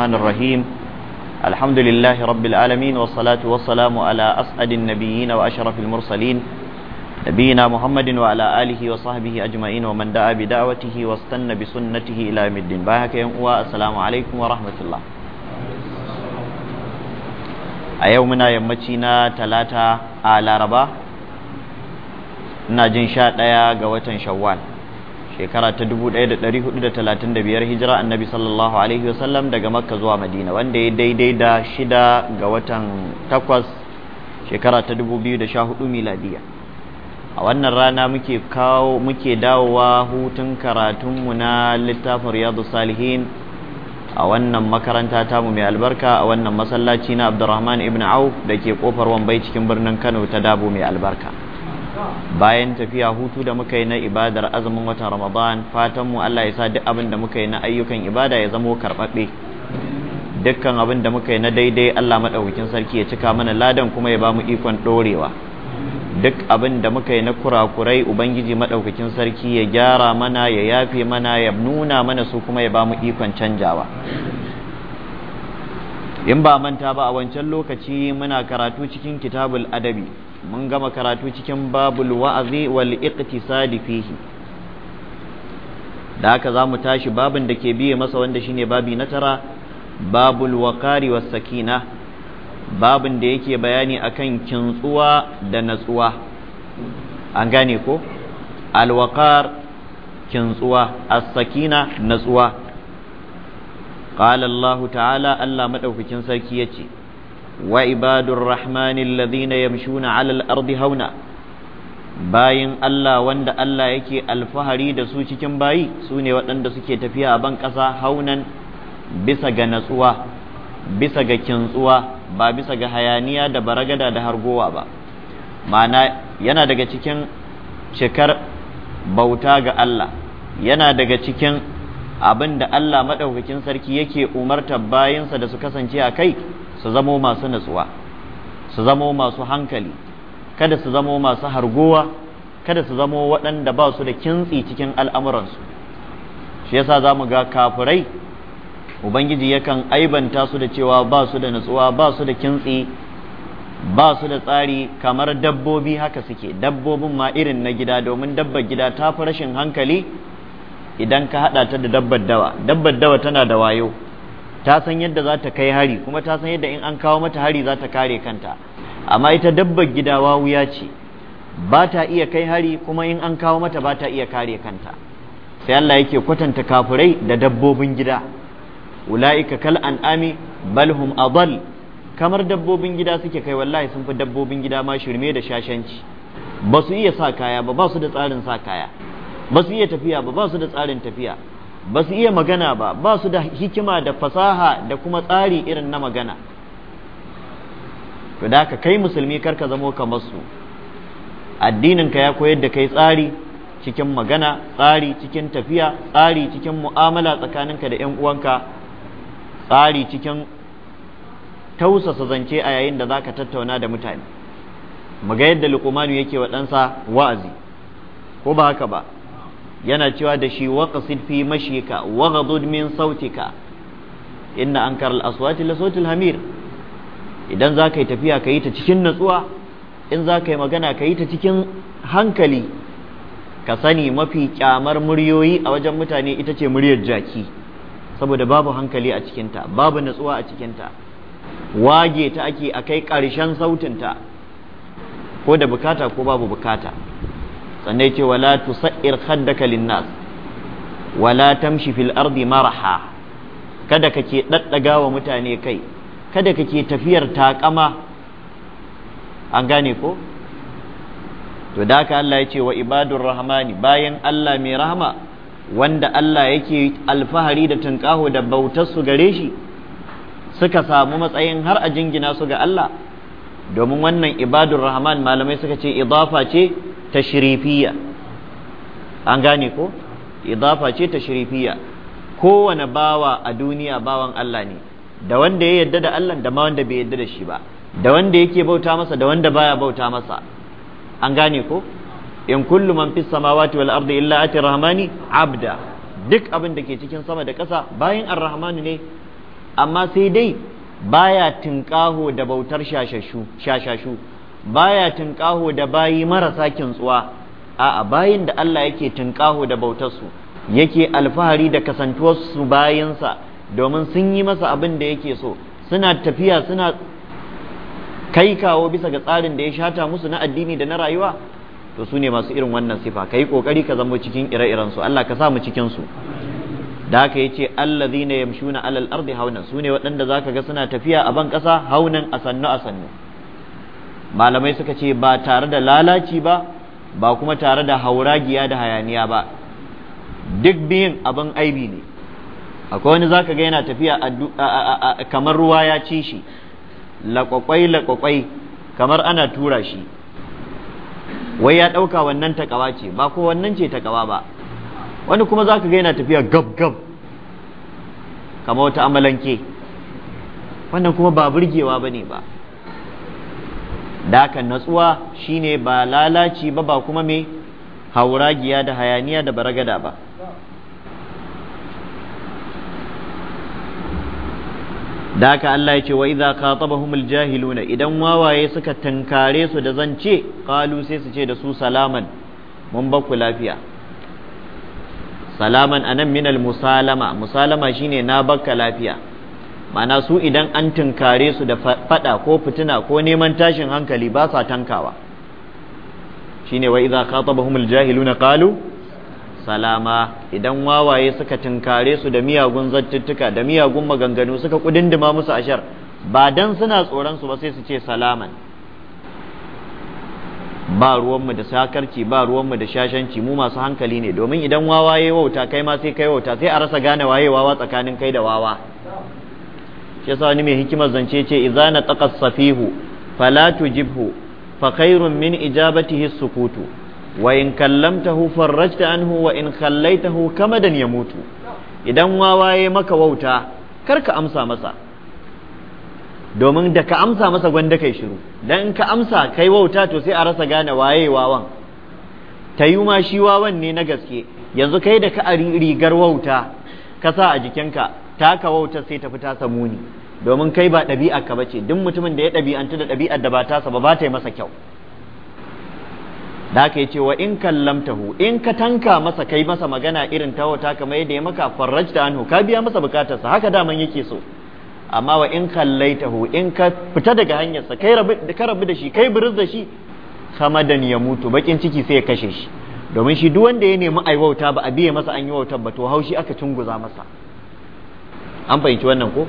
الرحمن الرحيم الحمد لله رب العالمين والصلاة والسلام على أسعد النبيين وأشرف المرسلين نبينا محمد وعلى آله وصحبه أجمعين ومن دعا بدعوته واستنى بسنته إلى يوم الدين باهك السلام عليكم ورحمة الله أيومنا يمتنا ثلاثة على ربا نجن شاء ga watan shawwal shekara ta 1435 hijira annabi sallallahu alaihi wasallam daga makka zuwa madina wanda ya daidai da shida ga watan takwas shekara ta 2014 miladiya a wannan rana muke kawo muke dawowa hutun karatunmu na littafin riyadu salihin a wannan makaranta tamu mai albarka a wannan masallaci na abdurrahman ibn auf da ke kofar wambai cikin birnin kano ta dabo mai albarka bayan tafiya hutu da muka yi na ibadar azumin watan ramadan fatan mu Allah ya sa duk abin da muka yi na ayyukan ibada ya zamo karɓaɓɓe dukkan abin da muka yi na daidai Allah maɗaukakin sarki ya cika mana ladan kuma ya ba mu ikon ɗorewa duk abin da muka yi na kurakurai ubangiji maɗaukakin sarki ya gyara mana ya yafe mana ya nuna mana su kuma ya ba mu ikon canjawa in ba manta ba a wancan lokaci muna karatu cikin kitabul adabi mun gama karatu cikin babul wa'azi wal iqtisadi fihi da haka za mu tashi babin da ke biye masa wanda shine babi na tara babul waqari was sakina babin da yake bayani akan kintsuwa da natsuwa an gane ko waqar kintsuwa as-sakina natsuwa qala Allah ta'ala Allah madaukakin sarki yace وعباد الرحمن الذين يمشون على الأرض هونا bayin Allah wanda Allah yake alfahari da su cikin bayi su ne waɗanda suke tafiya a ban ƙasa haunan bisa ga natsuwa bisa ga kintsuwa ba bisa ga hayaniya da baragada da hargowa ba ma'ana yana daga cikin cikar bauta ga Allah yana daga cikin abin da Allah maɗaukakin sarki yake umartar bayinsa da su kasance a kai su zamo masu nutsuwa su zamo masu hankali kada su zamo masu harguwa kada su zamo waɗanda ba su da kintsi cikin al'amuransu shi yasa za mu ga kafirai ubangiji yakan aibanta su da cewa ba su da nutsuwa ba su da kintsi ba su da tsari kamar dabbobi haka suke dabbobin ma irin na gida domin dabbar gida ta fi rashin hankali idan ka haɗa ta da dabbar dawa dabbar dawa tana da wayo ta san yadda za ta kai hari kuma ta san yadda in an kawo mata hari za ta kare kanta amma ita dabbar gida wawuya ce ba ta iya kai hari kuma in an kawo mata ba ta iya kare kanta sai Allah yake kwatanta kafirai da dabbobin gida ula'ika kal an'ami balhum hum adall kamar dabbobin gida suke kai wallahi sun fi dabbobin gida ma shirme da shashanci ba su iya sa kaya ba ba su da tsarin sa kaya ba su iya tafiya ba ba su da tsarin tafiya ba su iya magana ba ba su da hikima da fasaha da kuma tsari irin na magana to da kai musulmi kar ka zamo kamar su addininka ya koyar da kai tsari cikin magana tsari cikin tafiya tsari cikin mu'amala tsakaninka da 'yan uwanka tsari cikin tausasa zance a yayin da zaka tattauna da mutane muga yadda luqmanu yake wa ɗansa wa'azi ko ba haka ba yana cewa da shi waqsid fi mashika waghadud min sautika inna ankara al aswat la sautul hamir idan za tafiya ka yi ta cikin natsuwa in za yi magana ka ta cikin hankali ka sani mafi kyamar muryoyi a wajen mutane ita ce muryar jaki saboda babu hankali a cikinta babu natsuwa a cikinta wage ta ake a kai ƙarshen sautinta ko da bukata ko babu bukata sannan yace wala tusair khaddaka linnas wala tamshi fil ardi maraha kada kake daddaga wa mutane kai kada kake tafiyar takama an gane ko to da haka Allah ce wa ibadur rahmani bayan Allah mai rahama wanda Allah yake alfahari da tunƙaho da bautar su gare shi suka samu matsayin har a jingina su ga Allah domin wannan ibadur rahman malamai suka ce idafa ce shirifiya an gane ko idafa ce shirifiya kowane bawa a duniya bawan Allah ne da wanda ya yadda da Allah da ma wanda bai yadda da shi ba da wanda yake bauta masa da wanda baya bauta masa an gane ko in kullu man fis samawati wal ardi illa ati rahmani abda duk abin da ke cikin sama da ƙasa bayin ar-rahmanu ne amma sai dai baya tinƙaho da bautar shashashu baya tinƙaho da bayi marasa kintsuwa a'a bayin da Allah yake tinƙaho da bautarsu yake alfahari da kasantuwarsu bayinsa domin sun yi masa abin da yake so suna tafiya suna kai kawo bisa ga tsarin da ya shata musu na addini da na rayuwa to su ne masu irin wannan sifa ka yi ƙoƙari ka zama cikin ire-irensu Allah ka sa mu cikinsu da haka yace allazina yamshuna alal ardi haunan sune waɗanda zaka ga suna tafiya a ban ƙasa haunan asannu asannu malamai suka ce ba tare da lalaci ba ba kuma tare da hauragiya da hayaniya ba duk biyun abin aibi ne akwai wani zaka ga yana tafiya kamar ruwa ya ci shi laƙwaƙwai laƙwaƙwai kamar ana tura shi wai ya ɗauka wannan takawa ce ba ko wannan ce takawa ba wani kuma za ka ga yana tafiya gab gab kama wata amalanke wannan kuma ba burgewa ba ne ba dakan natsuwa shine ba lalaci ba ba kuma mai hauragiya da hayaniya da baragada ba daka Allah ya ce wa idza khatabahumul jahiluna idan wawaye suka tankare su da zance kalu sai su ce da su salaman mun ba lafiya salaman anan minal musalama musalama shine na bakka lafiya mana su idan an tunkare su da fada ko fitina ko neman tashin hankali ba sa tankawa shine wa idza khatabahumul jahiluna qalu salama idan wawaye suka tunkare su da miyagun zattuttuka da miyagun maganganu suka kudindima musu ashar ba dan suna tsoron su ba sai su ce salaman ba ruwanmu da sakarci ba ruwanmu da shashanci mu masu hankali ne domin idan wawa ya wauta kai ma sai kai wauta sai a rasa gane waye wawa tsakanin kai da wawa shi yasa wani mai hikimar zance ce izana na taqas safihu fala tujibhu fa khairun min ijabatihi sukutu wa in kallamtahu farrajta anhu wa in khallaitahu kamadan mutu. idan wawa ya maka wauta kar ka amsa masa domin da ka amsa masa gwanda kai shiru dan in ka amsa kai wauta to sai a rasa gane waye wawan ta yi ma shi wawan ne na gaske yanzu kai da ka rigar wauta ka sa a jikinka taka wauta sai ta fi ta muni. domin kai ba ɗabi'a ka bace duk mutumin da ya ɗabi'antu da ɗabi'ar da ba tasa ba ba ta yi masa kyau da aka yi cewa in kallamtahu in ka tanka masa kai masa magana irin ta wauta kamar yadda ya maka da anhu ka biya masa bukatarsa haka daman yake so amma wa in kallaitahu in ka fita daga hanyarsa kai rabu ka rabu da shi kai buriz da shi samadan ya mutu bakin ciki sai ya kashe shi domin shi duk wanda ya nemi ai wauta ba a biye masa an yi wautar ba to haushi aka tunguza masa an fahimci wannan ko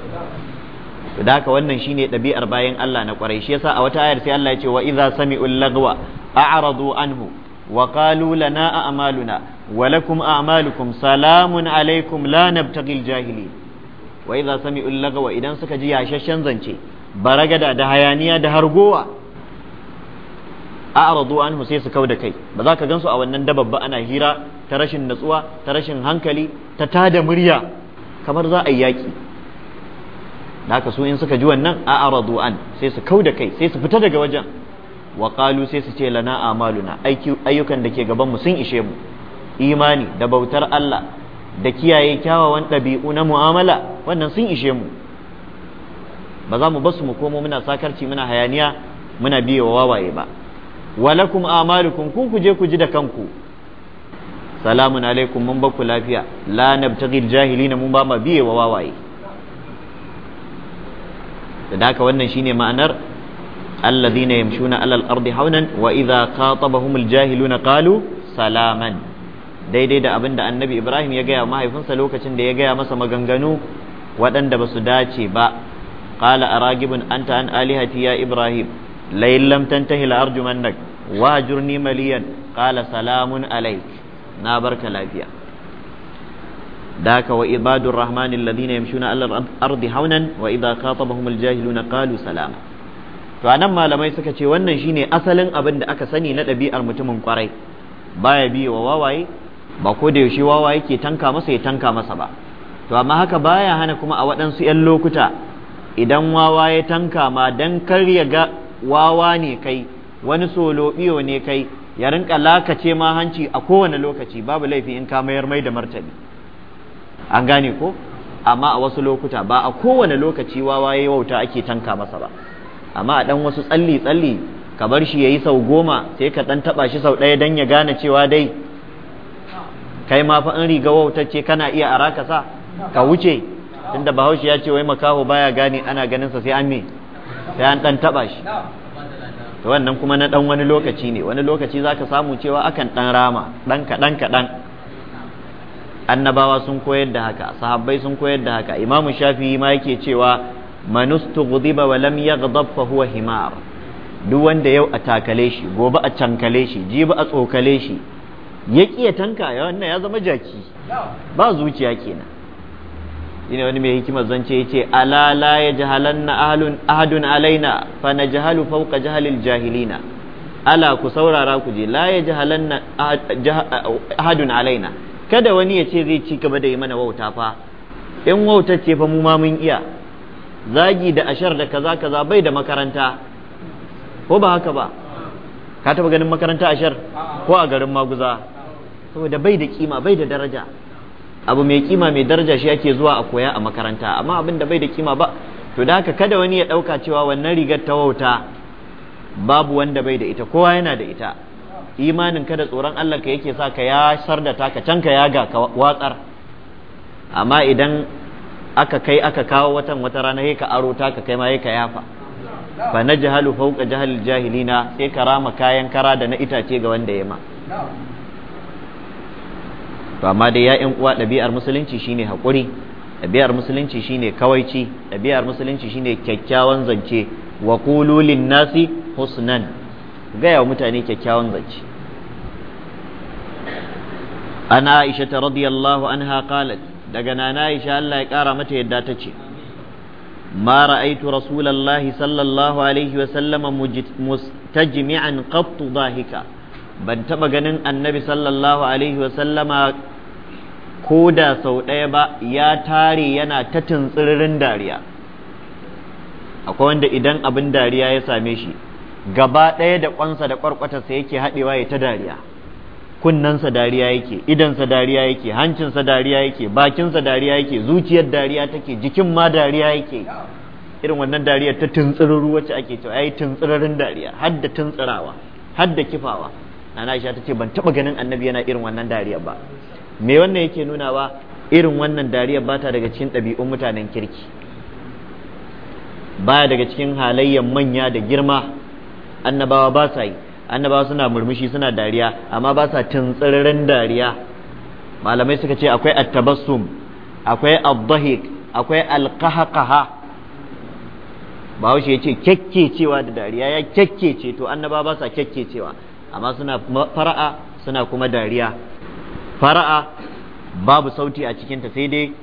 to da haka wannan shine ɗabi'ar bayan Allah na kwarai shi yasa a wata ayar sai Allah ya ce wa idza sami'ul lagwa a'radu anhu wa qalu lana a'maluna wa lakum a'malukum salamun alaikum la nabtaghil jahilin wa idza sami'u lagawa idan suka ji yashashen zance baragada da hayaniya da hargowa a'radu anhu sai su kauda kai ba za ka gansu a wannan dababba ana hira ta rashin natsuwa ta rashin hankali ta tada murya kamar za a yi yaki da haka su in suka ji wannan a'radu an sai su kau da kai sai su fita daga wajen wa qalu sai su ce lana amaluna ayyukan da ke gaban mu sun ishe mu imani da bautar Allah da kiyaye kyawawan ɗabi'u na mu'amala wannan sun ishe mu ba za mu basu mu komo muna sakarci muna hayaniya muna biye wa wawaye ba walakum amalukum kun ku je ku ji da kanku salamun alaikum mun baku lafiya la nabtaghil jahilina mun ba ma biye wa wawaye da haka wannan shine ma'anar alladhina yamshuna alal ardi haunan wa idza khatabahumul jahiluna qalu salaman daidai da abin da annabi ibrahim ya gaya mahaifinsa lokacin da ya gaya masa maganganu waɗanda ba su dace ba qala a ragibin an alihati ya ibrahim la ta hila tantahi nan, arjumannak wahjurni maliyan qala salamun alaik na barka lafiya daka wa ibadur rahmani alladhina yamshuna ala ardi haunan wa idha khatabahum aljahiluna qalu salama to anan malamai suka ce wannan shine asalin abin da aka sani na ɗabi'ar mutumin kwarai baya biye wa wawaye ba ko da yaushe wawaye ke tanka masa ya tanka masa ba to amma haka baya hana kuma a waɗansu 'yan lokuta idan wawa ya tanka ma don kar ya ga wawa ne kai wani solobiyo ne kai ya rinka lakace ma hanci a kowane lokaci babu laifi in ka mayar mai da martani an gane ko amma a wasu lokuta ba a kowane lokaci wawa ya wauta ake tanka masa ba amma a dan wasu tsalli tsalli ka bar shi yi sau goma sai ka ɗan taɓa shi sau ɗaya don ya gane cewa dai kai ma fa in riga wautacce kana iya araka sa ka wuce tunda bahaushe ya ce wai makaho baya gane ana ganin sa sai an me sai an dan taba shi to wannan kuma na dan wani lokaci ne wani lokaci zaka samu cewa akan dan rama dan kaɗan dan annabawa sun koyar da haka sahabbai sun koyar da haka imamu shafi'i ma yake cewa manustu ghudiba wa lam yaghdab fa huwa himar duk wanda yau a takale shi gobe a cankale shi jibi a tsokale shi ya tanka ya wannan ya zama jaki ba zuciya kenan shine wani mai hikimar zance yace ala la yajhalanna ahlun ahadun alaina fa najhalu fawqa jahalil jahilina ala ku saurara ku je la yajhalanna ahadun alaina kada wani ya ce zai ci gaba da yi mana wauta fa in wauta ce fa mu ma mun iya zagi da ashar da kaza kaza bai da makaranta ko ba haka ba ka taba ganin makaranta ashar ko a garin maguza saboda bai da kima bai da daraja abu mai kima mai daraja shi ake zuwa a koya a makaranta amma abin da bai da kima ba to da haka kada wani ya ɗauka cewa wannan rigar ta wauta babu wanda bai da ita kowa yana da ita imanin kada tsoron Allah ka yake sa ka ya sarda ta ka can ka yaga ka watsar amma idan aka kai aka kawo watan wata rana sai ka aro ta ka kai ma sai ka yafa fa najhalu fawqa jahilina sai ka rama kayan kara da na itace ga wanda ya ma to amma dai ya ƴan uwa ɗabi'ar musulunci shine haƙuri ɗabi'ar musulunci shine kawaici ɗabi'ar musulunci shine kyakkyawan zance wa qulu nasi husnan gaya wa mutane kyakkyawan zance an Aisha ta radiyallahu anha qalat daga nana Aisha Allah ya ƙara mata yadda ta ce ما رأيت رسول الله صلى الله عليه وسلم مستجمعا قط ضاحكا ban taɓa ganin annabi sallallahu alaihi wa sallama. ko da sau ɗaya ba ya tare yana ta tuntsirin dariya akwai wanda idan abin dariya ya same shi gaba ɗaya da ƙwansa da ƙwarƙwatarsa yake haɗewa ya ta dariya Kunnansa dariya yake idansa dariya yake hancinsa dariya yake bakinsa dariya yake zuciyar dariya take jikin ma dariya yake irin wannan dariyar ta tuntsiruru wacce ake cewa ai tuntsirin dariya har da tuntsirawa har da kifawa nana Aisha ta ce ban taɓa ganin annabi yana irin wannan dariyar ba me wannan yake ba, irin wannan dariyar bata daga cikin ɗabi'un mutanen kirki baya daga cikin halayyar manya da girma annabawa ba sa yi annabawa suna murmushi suna dariya amma ba sa tuntsiririn dariya malamai suka ce akwai attabassum akwai abdahik akwai alkahakaha bahaushe ya ce kyakkecewa da dariya ya kyakkece to annabawa ba sa kyakkecewa amma suna fara'a suna kuma dariya fara'a babu sauti a cikinta sai dai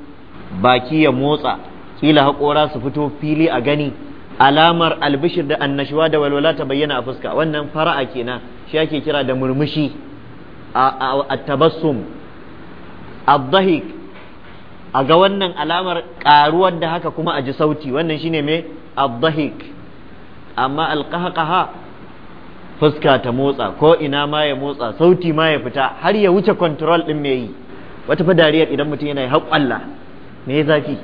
baki ya motsa kila haƙora su fito fili a gani alamar albishir da annashuwa da walwala ta bayyana a fuska wannan fara'a kenan shi ake kira da murmushi a tabassum abdahik a ga wannan alamar ƙaruwar da haka kuma a ji sauti wannan shine mai abdahik amma alƙahaƙaha fuska ta motsa ko ina ma ya motsa sauti ma ya fita har ya wuce control din me yi wata fa dariyar idan mutum yana yi Allah, me ya zafi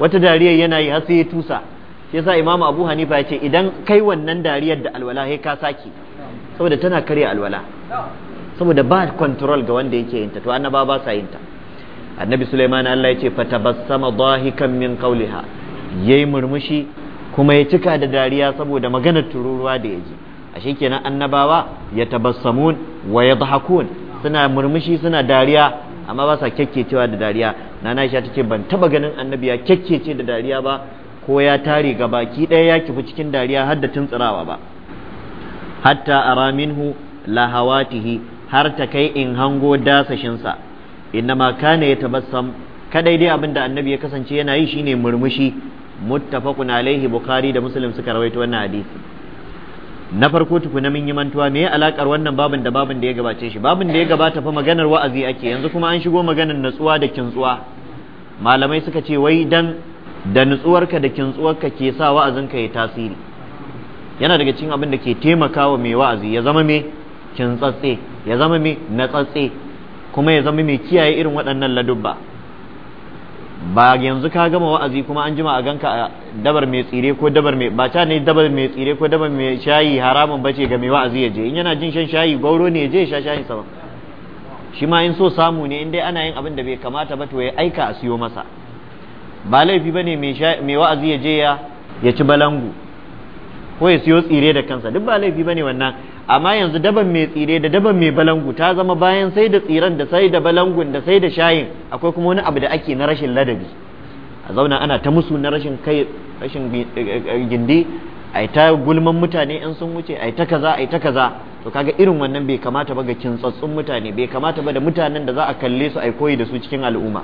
wata dariyar yana yi har sai ya tusa shi yasa imamu abu hanifa ya ce idan kai wannan dariyar da alwala sai ka saki saboda tana karya alwala saboda ba control ga wanda yake yinta to annaba ba sa yinta annabi sulaiman Allah ya ce tabassama dahikan min qawliha yayi murmushi kuma ya cika da dariya saboda maganar tururuwa da ya ji. ashe kenan annabawa ya tabassamun wa yadhakun suna murmushi suna dariya amma ba sa kyakkecewa da dariya nana Aisha take ban taba ganin annabi ya kyakkece da dariya ba ko ya tare ga baki ɗaya ya kifi cikin dariya har da tuntsirawa ba hatta ara lahawatihi har ta kai in hango dasashinsa innama kana tabassam kadai dai da annabi ya kasance yana yi shine murmushi muttafaqun alaihi bukhari da muslim suka rawaito wannan hadisi na farko tukuna mun yi mantuwa me ya alakar wannan babin da babin da ya gabace shi babin da ya gabata fa maganar wa'azi ake yanzu kuma an shigo maganar natsuwa da kintsuwa malamai suka ce wai dan da nutsuwarka da kintsuwarka ke sa wa'azinka ya tasiri yana daga cikin abin da ke taimakawa mai wa'azi ya zama mai kintsatse ya zama mai natsatse kuma ya zama mai kiyaye irin waɗannan ladubba ba yanzu ka gama wa'azi kuma an jima a ganka a dabar mai tsire ko dabar mai ba ta ne dabar mai tsire ko dabar mai shayi haramun bace ga mai wa'azi ya je in yana jin shan shayi gauro ne ya je sha shayin sa shi ma in so samu ne in dai ana yin abin da bai kamata ba to ya aika a siyo masa ba laifi bane mai mai wa'azi ya je ya ya ci balangu ko ya siyo tsire da kansa duk ba laifi bane wannan amma yanzu daban mai tsire da daban mai balangu ta zama bayan sai da tsiran da sai da balangun da sai da shayin akwai kuma wani abu da ake na rashin ladabi a zauna ana ta musu na rashin kai rashin eh, eh, eh, gindi a ta gulman mutane in sun wuce a ta kaza a ta kaza to kaga irin wannan bai kamata ba ga kintsatsun mutane bai kamata ba da mutanen da za a kalle su a koyi da su cikin al'umma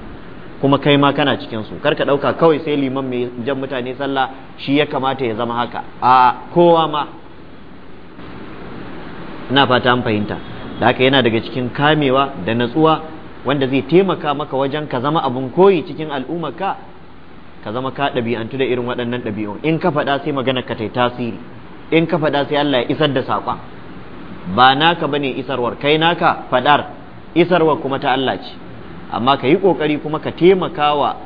kuma kai ma kana cikin su kar ka dauka kawai sai liman mai jan mutane sallah shi ya kamata ya zama haka a kowa ma ina fata an fahimta da haka yana daga cikin kamewa da natsuwa wanda zai taimaka maka wajen ka zama abun koyi cikin al'ummarka ka zama ka ɗabi'antu da irin waɗannan ɗabi'un in ka faɗa sai magana ka tai tasiri in ka faɗa sai Allah ya isar da saƙon ba naka bane isarwar kai naka faɗar isarwar kuma ta Allah ce amma ka yi ƙoƙari kuma ka taimakawa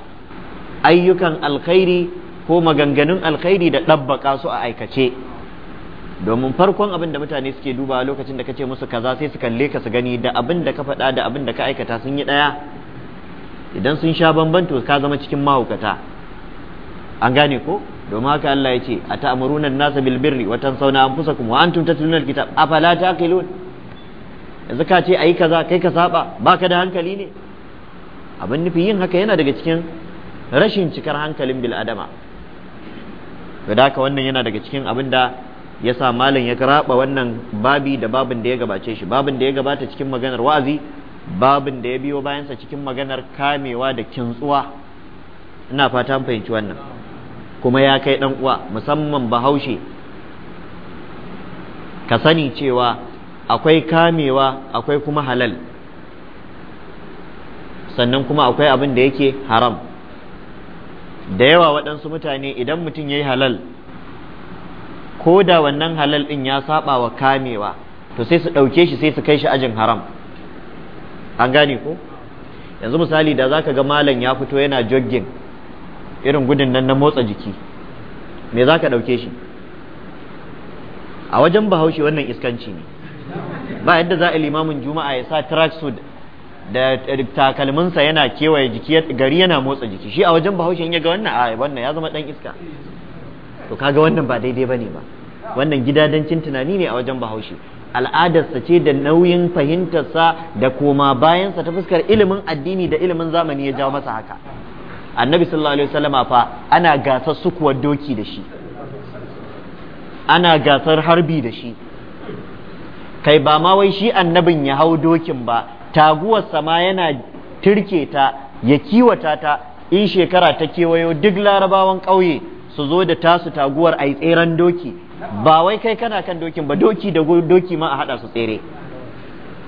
ayyukan alkhairi ko maganganun alkhairi da ɗabbaka su a aikace domin farkon abin da mutane suke duba lokacin da kace musu kaza sai su kalle ka su gani da abin da ka faɗa da abin da ka aikata sun yi ɗaya idan sun sha bamban ka zama cikin mahaukata an gane ko domin haka Allah ya ce a ta'amuruna nasa bil birri wa tansawna anfusakum wa antum tatluna alkitab afala taqilun yanzu ka ce ayi kaza kai ka saba baka da hankali ne abin nufi yin haka yana daga cikin rashin cikar hankalin bil'adama adama haka wannan yana daga cikin abin da yasa malam ya karaba wannan babi da babin da ya gabace shi babin da ya gabata cikin maganar wa'azi babin da ya biyo bayansa cikin maganar kamewa da kintsuwa ina fata fahimci wannan kuma ya kai dan uwa musamman bahaushe ka sani cewa akwai kamewa akwai kuma halal sannan kuma akwai abin da yake haram da yawa waɗansu mutane idan mutum ya yi halal ko da wannan halal ɗin ya saba wa kamewa to sai su ɗauke shi sai su kai shi ajin haram an gane ko yanzu misali da za ka ga malam ya fito yana jogging irin gudun nan na motsa jiki me za ka ɗauke shi a wajen bahaushe wannan iskanci ne ba yadda za a limamin juma'a ya sa tracksuit da takalminsa yana kewaye jiki gari yana motsa jiki shi a wajen bahaushe in ya ga wannan a wannan ya zama ɗan iska to kaga wannan ba daidai ba ne ba wannan gidadancin tunani ne a wajen bahaushe al'adarsa ce da nauyin fahimtarsa da koma bayansa ta fuskar ilimin addini da ilimin zamani ya jawo masa haka annabi sallallahu alaihi wasallam fa ana gasar sukuwar doki da shi ana gasar harbi da shi kai ba ma wai shi annabin ya hau dokin ba taguwarsa ma yana turke ta ya kiwata ta in shekara ta kewayo duk larabawan ƙauye su zo da tasu taguwar a tseren doki ba wai kai kana kan dokin ba doki da doki ma a hada su tsere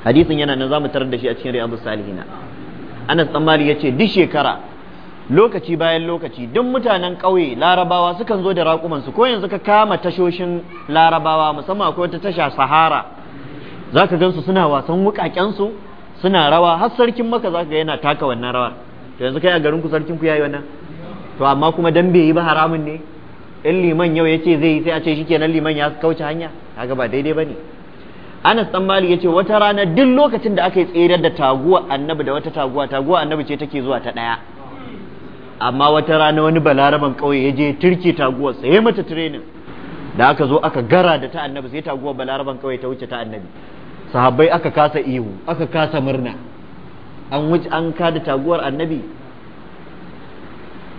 hadisin yana nan zamu tarar da shi a cikin riyadu salihina anas dan mali yace duk shekara lokaci bayan lokaci duk mutanen ƙauye larabawa sukan zo da raƙuman su ko yanzu ka kama tashoshin larabawa musamman akwai wata tasha sahara zaka gansu suna wasan wukaken su suna rawa har sarkin maka zaka ga yana taka wannan rawar to yanzu kai a garin ku sarkin ku yayi wannan to amma kuma dan bai yi ba haramun ne in liman yau ya ce zai yi sai a ce shi kenan liman ya kauce hanya kaga ba daidai ba ne. Anas dan ya ce, wata rana duk lokacin da aka yi tserar da taguwa annabi da wata taguwa taguwa annabi ce take zuwa ta daya amma wata rana wani balaraban kauye ya je turke taguwar sai mata training da aka zo aka gara da ta annabi sai taguwar balaraban kauye ta wuce ta annabi sahabbai aka kasa ihu aka kasa murna an wuce an kada taguwar annabi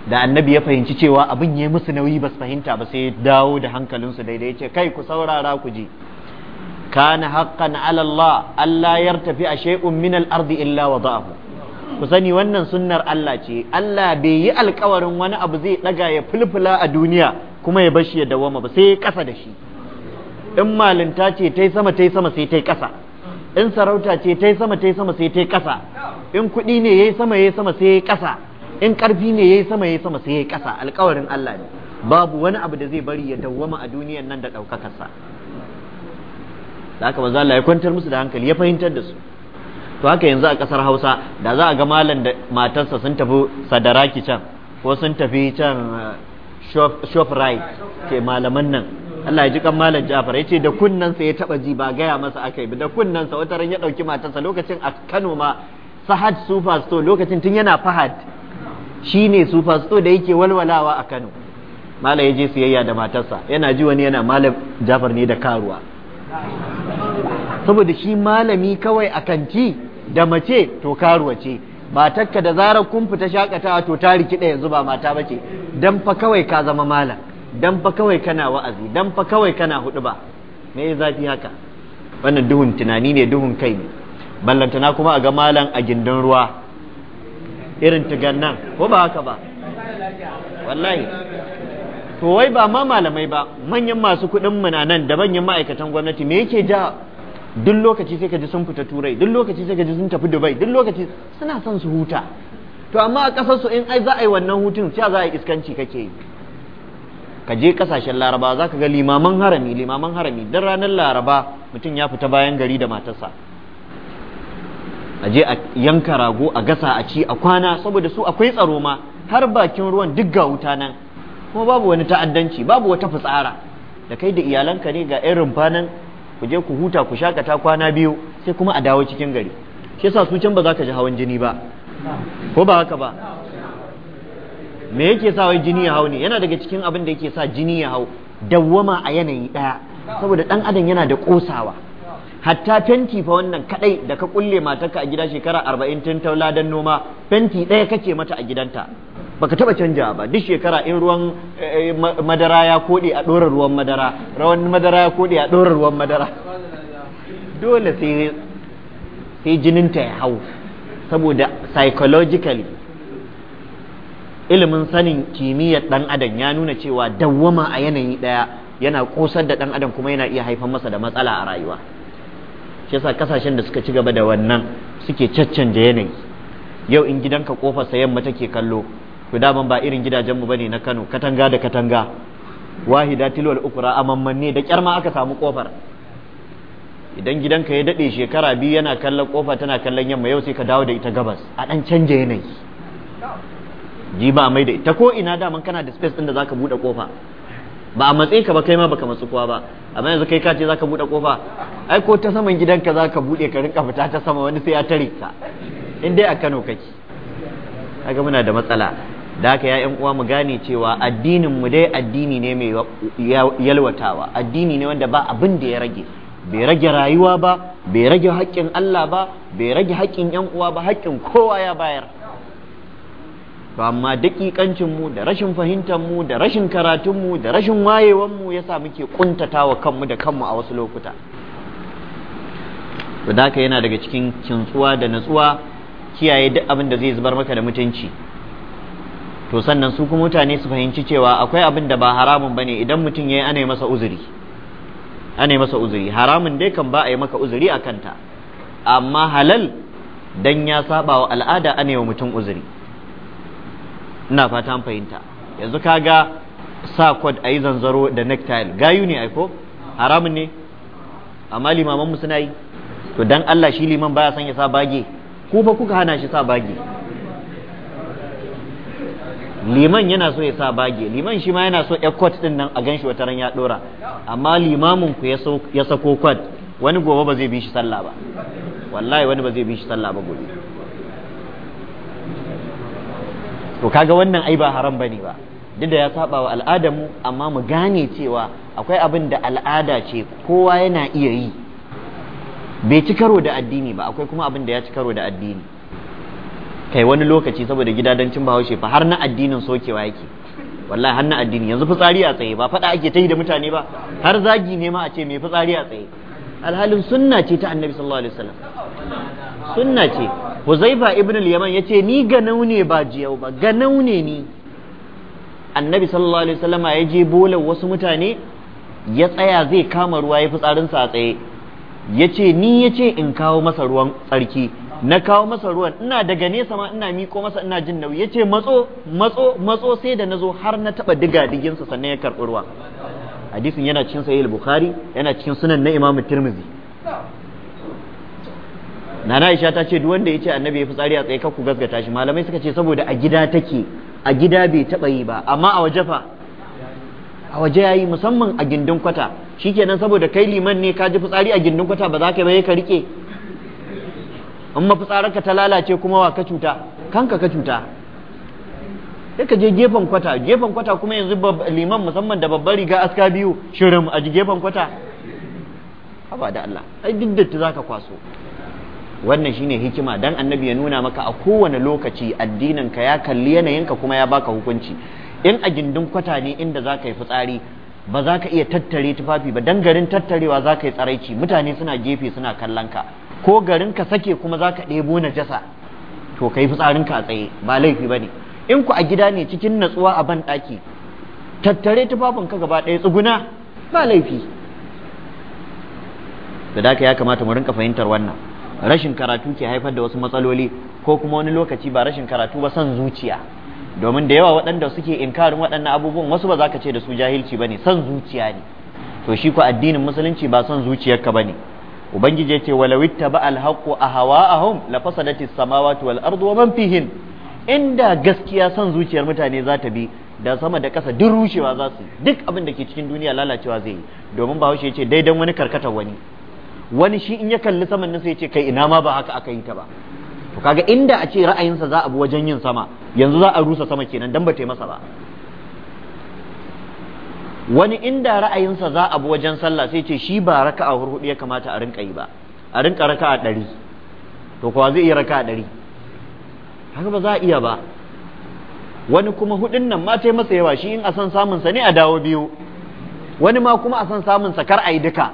da annabi ya fahimci cewa abin ya musu nauyi ba su fahimta ba sai dawo da hankalinsu daidai ce kai ku saurara ku ji kana haqqan ala Allah Allah tafi a shay'un min al-ardi illa wada'ahu ku sani wannan sunnar Allah ce Allah bai yi alkawarin wani abu zai ɗaga ya fulfula a duniya kuma ya bashi ya dawama ba sai ya kasa da shi in malinta ce tai sama tai sama sai tai kasa in sarauta ce tai sama tai sama sai tai kasa in kuɗi ne yayi sama yayi sama sai ya kasa in ƙarfi ne yayi sama yayi sama sai yayi ƙasa alƙawarin Allah ne babu wani abu da zai bari ya dawwama a duniyan nan da ɗaukakarsa da haka manzo Allah ya kwantar musu da hankali ya fahimtar da su to haka yanzu a ƙasar Hausa da za a ga malam da matarsa sun tafi sadaraki can ko sun tafi can uh, shop right ke malaman nan Allah ya ji kan malam Jafar ya ce da kunnansa ya taba ji ba gaya masa aka yi da kunnansa wata ran ya ɗauki matarsa lokacin a Kano ma Sahad Super Store lokacin tun yana Fahad Shi ne su fasto da yake walwalawa a Kano malam ya je siyayya da matarsa yana ji wani yana malam Jafar ne da karuwa saboda shi malami kawai a kanti da mace to karuwa ce takka da zarar kun fita shakatawa to ta rikida yanzu ba mata bace dan fa kawai ka zama malam dan fa kawai kana wa'azi dan fa kawai kana hudu ba me ya zafi haka wannan duhun tunani ne duhun kai ne ballantana kuma a ga malam a gindin ruwa irin tagannan ko ba haka ba wallahi to wai ba ma malamai ba manyan masu kuɗin mu nan da manyan ma'aikatan gwamnati me yake ja duk lokaci sai ka ji sun fita turai duk lokaci sai ka ji sun tafi dubai duk lokaci suna son su huta to amma a kasar su in ai za a yi wannan hutun sai za a yi iskanci kake yi ka je kasashen laraba za ka ga limaman harami limaman harami don ranar laraba mutum ya fita bayan gari da matarsa a je a yanka rago a gasa a ci a kwana saboda su akwai tsaro ma har bakin ruwan duk ga wuta nan kuma babu wani ta'addanci babu wata fitsara da kai da iyalanka ne ga irin banan ku je ku huta ku shakata kwana biyu sai kuma a dawo cikin gari shi yasa su can ba za ka ji hawan jini ba ko ba haka ba me yake sa wai jini ya hau ne yana daga cikin abin da yake sa jini ya hau dawwama a yanayi ɗaya saboda ɗan adam yana da ƙosawa hatta fenti fa wannan kadai da ka kulle matarka a gida shekara arba'in tun tauladan noma fenti ɗaya kake mata a gidanta baka taba canja ba duk shekara in ruwan eh, madara ya kode a ɗora ruwan madara rawan madara ya kode a ɗora ruwan madara dole sai sai jininta ya hau saboda psychologically ilimin sanin kimiyyar dan adam ya nuna cewa dawwama a yanayi daya yana kosar da dan adam kuma yana iya haifar masa da matsala a rayuwa shi yasa kasashen da suka ci gaba da wannan suke caccanje yanayi yau in gidanka kofar sa yamma take kallo to daman ba irin gidajenmu bane na Kano katanga da katanga wahida tilwal ukra ne da kyar aka samu kofar idan gidanka ya daɗe shekara biyu yana kallon kofa tana kallon yamma yau sai ka dawo da ita gabas a dan canje yanayi ji ba mai da ita ko ina daman kana da space ɗin da zaka buɗe kofa ba a matse ka ba kai ma baka matsu kowa ba amma yanzu kai ka ce zaka bude kofa ai ko ta saman gidanka zaka bude ka rinka fita ta sama wani sai ya tare ka in dai a Kano kake kaga muna da matsala da haka yan uwa mu gane cewa addinin mu dai addini ne mai yalwatawa addini ne wanda ba abin da ya rage bai rage rayuwa ba bai rage haƙƙin Allah ba bai rage haƙƙin yan uwa ba haƙƙin kowa ya bayar to amma daƙiƙancinmu da rashin fahimtar mu, da rashin karatunmu da rashin wayewanmu ya sa muke ƙuntatawa kanmu da kanmu a wasu lokuta to da yana daga cikin kintsuwa da natsuwa kiyaye duk abin da zai zubar maka da mutunci to sannan su kuma mutane su fahimci cewa akwai abin da ba haramun bane idan mutum yayi ana masa uzuri ana masa uzuri haramun dai kan ba a yi maka uzuri a kanta amma halal dan ya saba wa al'ada ana yi wa mutum uzuri ina fata an fahimta yanzu kaga sa kod a yi zanzaro da necktie gayu ne aiko haramun ne amma limaman mu suna yi to dan Allah shi liman baya son ya sa bage ku fa kuka hana shi sa bage liman yana so ya sa bage liman shi ma yana so ya kod din nan a gan wata wataran ya dora amma limamun ku ya sako kwat wani gobe ba zai bi shi sallah ba wallahi wani ba zai bi shi sallah ba gobe to kaga wannan ai ba haram bane ba duk da ya saba wa al'adamu amma mu gane cewa akwai abin da al'ada ce kowa yana iya yi bai ci karo da addini ba akwai kuma abin da ya ci karo da addini kai wani lokaci saboda gidadancin bahaushe fa har na addinin sokewa yake wallahi har na addini yanzu fitsari a tsaye ba faɗa ake ta yi da mutane ba har zagi ne ma a ce mai fitsari a tsaye alhalin sunna ce ta annabi sallallahu alaihi wasallam sunna ce huzaifa ibn al-yaman yace ni ga naune ba jiyau ba ga naune ni annabi sallallahu alaihi wasallam ya je bolar wasu mutane ya tsaya zai kama ruwa ya fi tsarinsa a tsaye yace ni yace in kawo masa ruwan tsarki na kawo masa ruwan ina daga nesa ma ina miko masa ina jin nauyi yace matso matso matso sai da nazo har na taɓa diga diginsa sannan ya karɓi ruwa hadisin yana cikin sahih al-bukhari yana cikin sunan na imam tirmizi nana aisha ta ce duk wanda yace annabi ya fitsari a tsaye kar ku gaskata shi malamai suka ce saboda a gida take a gida bai taba yi ba amma a waje fa a waje yayi musamman a gindin kwata shikenan saboda kai liman ne ka ji fitsari a gindin kwata ba za ka bai ka rike in ka ta lalace kuma wa ka cuta kanka ka cuta sai ka je gefen kwata gefen kwata kuma yanzu liman musamman da babbar riga aska biyu shirin a gefen kwata haba da Allah ai duk za ka kwaso wannan shine hikima dan annabi ya nuna maka a kowane lokaci addinin ka ya kalli yanayin ka kuma ya baka hukunci in a gindin kwata ne inda za ka yi fitsari ba za ka iya tattare tufafi ba dan garin tattarewa za ka yi tsaraici mutane suna gefe suna kallon ka ko garin ka sake kuma za ka ɗebo najasa to ka yi fitsarinka a tsaye ba laifi ba ne in ku a gida ne cikin natsuwa a ban ɗaki tattare tufafinka gaba ɗaya tsuguna ba laifi da daka ya kamata mu rinka fahimtar wannan rashin karatu ke haifar da wasu matsaloli ko kuma wani lokaci ba rashin karatu ba san zuciya domin da yawa waɗanda suke inkarin waɗannan abubuwan wasu ba za ka ce da su jahilci ba ne son zuciya ne to shi ku addinin musulunci ba son zuciyarka ba ne ubangiji ya ce walawitta ba alhaqu la lafasadati samawati wal ardu wa man fihin inda gaskiya son zuciyar mutane za ta bi da sama da ƙasa duk rushewa za su duk abin da ke cikin duniya lalacewa zai yi domin ba ya ce daidan wani karkatar wani wani shi in ya kalli saman nasa ya ce kai ina ma ba haka aka yi ta ba to kaga inda a ce ra'ayinsa za a bi wajen yin sama yanzu za a rusa sama kenan dan ba ta masa ba wani inda ra'ayinsa za a bi wajen sallah sai ce shi ba raka'a hurhudu ya kamata a rinka yi ba a rinka raka'a ɗari to kuwa zai iya raka'a ɗari haka ba za a iya ba wani kuma hudun nan ma tai masa yawa shi in a san samun ne a dawo biyu wani ma kuma a san samun sa kar a yi duka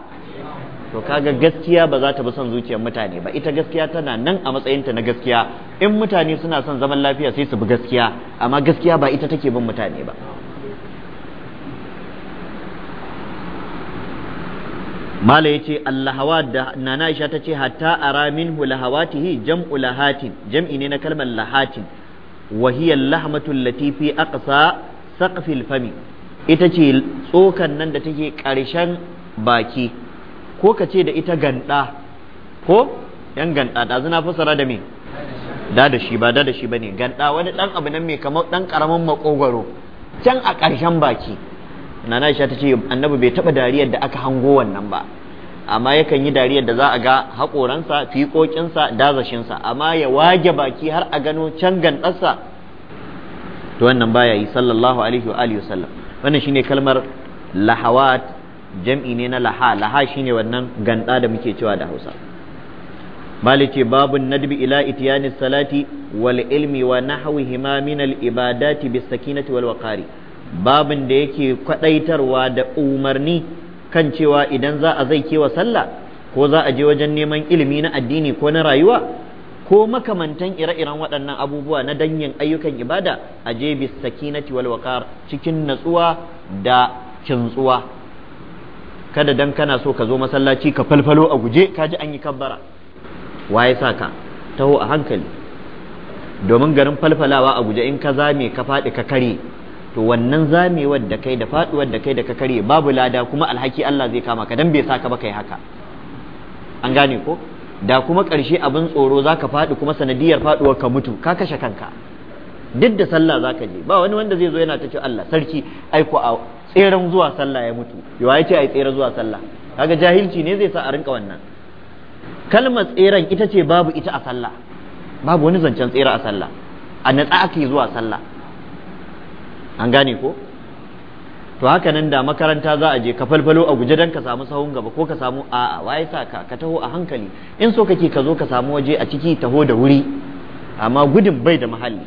to kaga gaskiya ba za ta bi son zuciyar mutane ba ita gaskiya tana nan a matsayinta na gaskiya in mutane suna son zaman lafiya sai su bi gaskiya amma gaskiya ba ita take bin mutane ba mala yace allahawa da nana aisha tace hatta ara minhu lahawatihi jam'u lahatin jam'i ne na kalmar lahatin wa hiya lahmatu allati fi aqsa saqfi fami ita ce tsokan nan da take karshen baki ko ka ce da ita ganda ko yan ganda ɗazu na fasara da me da da shi ba da da shi bane ganda wani dan abu nan mai kamar dan karamin makogwaro can a karshen baki nana Aisha tace annabi bai taba dariyar da aka hango wannan ba amma yakan yi dariyar da za a ga haƙoransa fiƙoƙinsa dazashinsa amma ya wage baki har a gano can gandarsa to wannan baya yi sallallahu alaihi wa alihi wasallam wannan shine kalmar lahawat jam'i ne na laha laha shine wannan ganda da muke cewa da Hausa nadbi salati wal ilmi wa nahwihima min al ibadati bis sakinati wal waqari babin da yake kwadaitarwa da umarni kan cewa idan za a zai kewa sallah ko za a je wajen neman ilimi na addini ko na rayuwa ko makamantan ire-iren waɗannan abubuwa na danyen ayyukan ibada a je bis sakinati wal cikin natsuwa da kintsuwa kada dan kana so ka zo masallaci ka falfalo a guje ka ji an yi kabbara waye saka taho a hankali domin garin falfalawa a guje in ka zame ka faɗi ka kare to wannan zamewar da kai da faduwar da kai da ka karye babu lada kuma alhaki Allah zai kama ka dan bai saka ba kai haka an gane ko da kuma ƙarshe abin tsoro zaka faɗi kuma sanadiyar faduwar ka mutu ka kashe kanka duk da sallah zaka je ba wani wanda zai zo yana ta ce Allah sarki ai a tseren zuwa sallah ya mutu yawa yace ai tsere zuwa sallah kaga jahilci ne zai sa a rinka wannan kalmar tseren ita ce babu ita a sallah babu wani zancen tsere a sallah a natsa ake zuwa sallah an gane ko to haka nan da makaranta za a je ka falfalo a guje dan ka samu sahun gaba ko ka samu a waye sa ka ka taho a hankali in so kake ka zo ka samu waje a ciki taho da wuri amma gudun bai da mahalli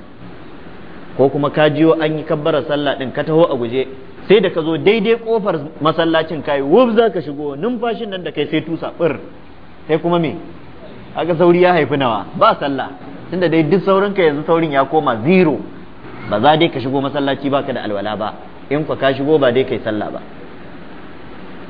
ko kuma ka jiyo an yi kabbara sallah din ka taho a guje sai da ka zo daidai kofar masallacin kai wuf za ka shigo numfashin nan da kai sai tusa bir sai kuma me aka sauri ya haifi nawa ba sallah tunda dai duk saurinka yanzu saurin ya koma zero ba za dai ka shigo masallaci baka da alwala ba in kwa ka shigo ba dai kai sallah ba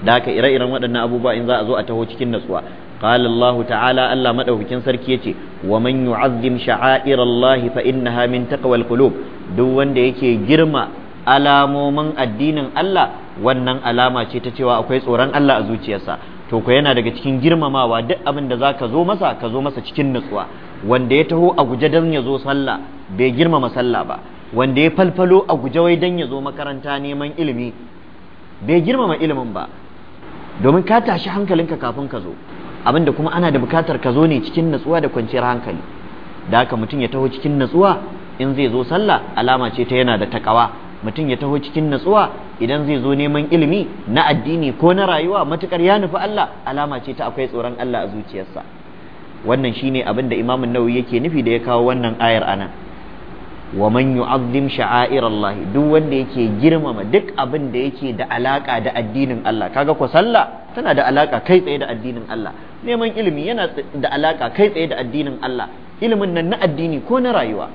da haka ire-iren waɗannan abubuwa in za a zo a taho cikin natsuwa قال الله تعالى ألا مدوكين سركيتي ومن يعظم شعائر الله فإنها من تقوى القلوب duk wanda yake girma alamomin addinin Allah wannan alama ce ta cewa akwai tsoron Allah a zuciyarsa to ko yana daga cikin girmamawa duk abin da zaka zo masa ka zo masa cikin nutsuwa wanda ya taho a guje dan ya zo sallah bai girmama sallah ba wanda ya falfalo a guje wai dan ya zo makaranta neman ilimi bai girmama ilimin ba domin ka tashi hankalinka kafin ka zo abinda kuma ana da bukatar ka zo ne cikin natsuwa da kwanciyar hankali da haka mutum ya taho cikin natsuwa in zai zo sallah alama ce ta yana da takawa mutum ya taho cikin natsuwa idan zai zo neman ilimi na addini ko na rayuwa matukar ya nufi Allah alama ce ta akwai tsoron Allah a zuciyarsa wannan shine abin da imamin nawawi yake nufi da ya kawo wannan ayar anan wa man yu'azzim sha'air Allah duk wanda yake girmama duk abin da yake da alaka da addinin Allah kaga ko sallah tana da alaka kai tsaye da addinin Allah neman ilimi yana da alaka kai tsaye da addinin Allah ilimin nan na addini ko na rayuwa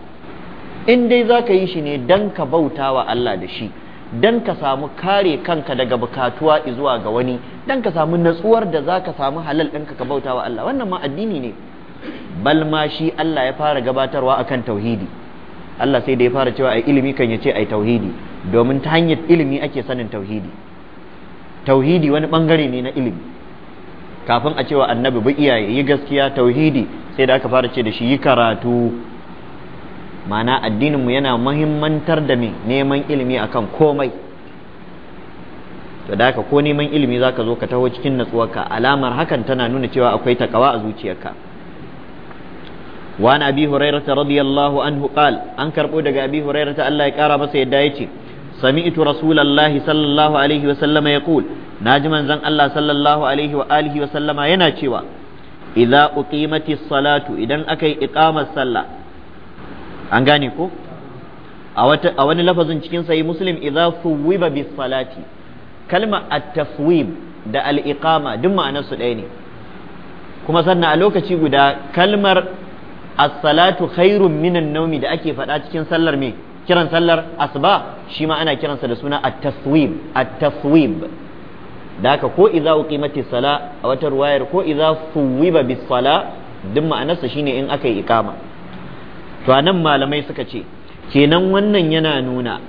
in dai zaka yi shi ne dan ka bautawa Allah da shi dan ka samu kare kanka daga bukatuwa zuwa ga wani dan ka samu natsuwar da zaka samu halal ɗinka ka bautawa Allah wannan ma addini ne bal ma shi Allah ya fara gabatarwa akan tauhidi Allah sai da ya fara cewa ai ilimi kan ya ce ai tauhidi domin ta hanyar ilimi ake sanin tauhidi tauhidi wani bangare ne na ilimi kafin a cewa annabi bi iyaye yi gaskiya tauhidi sai da aka fara ce da shi yi karatu ma'ana addininmu yana muhimmantar da me neman ilimi akan komai to da haka ko neman ilimi zaka zo ka taho cikin natsuwarka alamar hakan tana nuna cewa akwai takawa a zuciyarka وعن أبي هريرة رضي الله عنه قال أنكر بودك أبي هريرة ألا يكارى بس يدايتي سمعت رسول الله صلى الله عليه وسلم يقول ناجما زن الله صلى الله عليه وآله وسلم يناتشوا إذا أقيمت الصلاة إذا أكي إقامة الصلاة أنغانيكو أو أن لفظ cikin sai muslim idza fuwiba bis salati kalma at-tafwib da al-iqama duk ma'anarsu ɗaya ne kuma sannan a lokaci guda kalmar as-salatu khairun minan naumi da ake faɗa cikin sallar me kiran sallar asba shi ma ana kiransa da suna at-taswib at-taswib da haka ko idza uqimati sala a wata ruwayar ko idza suwiba bis sala duk ma'anarsa shine in aka yi iqama to anan malamai suka ce kenan wannan yana nuna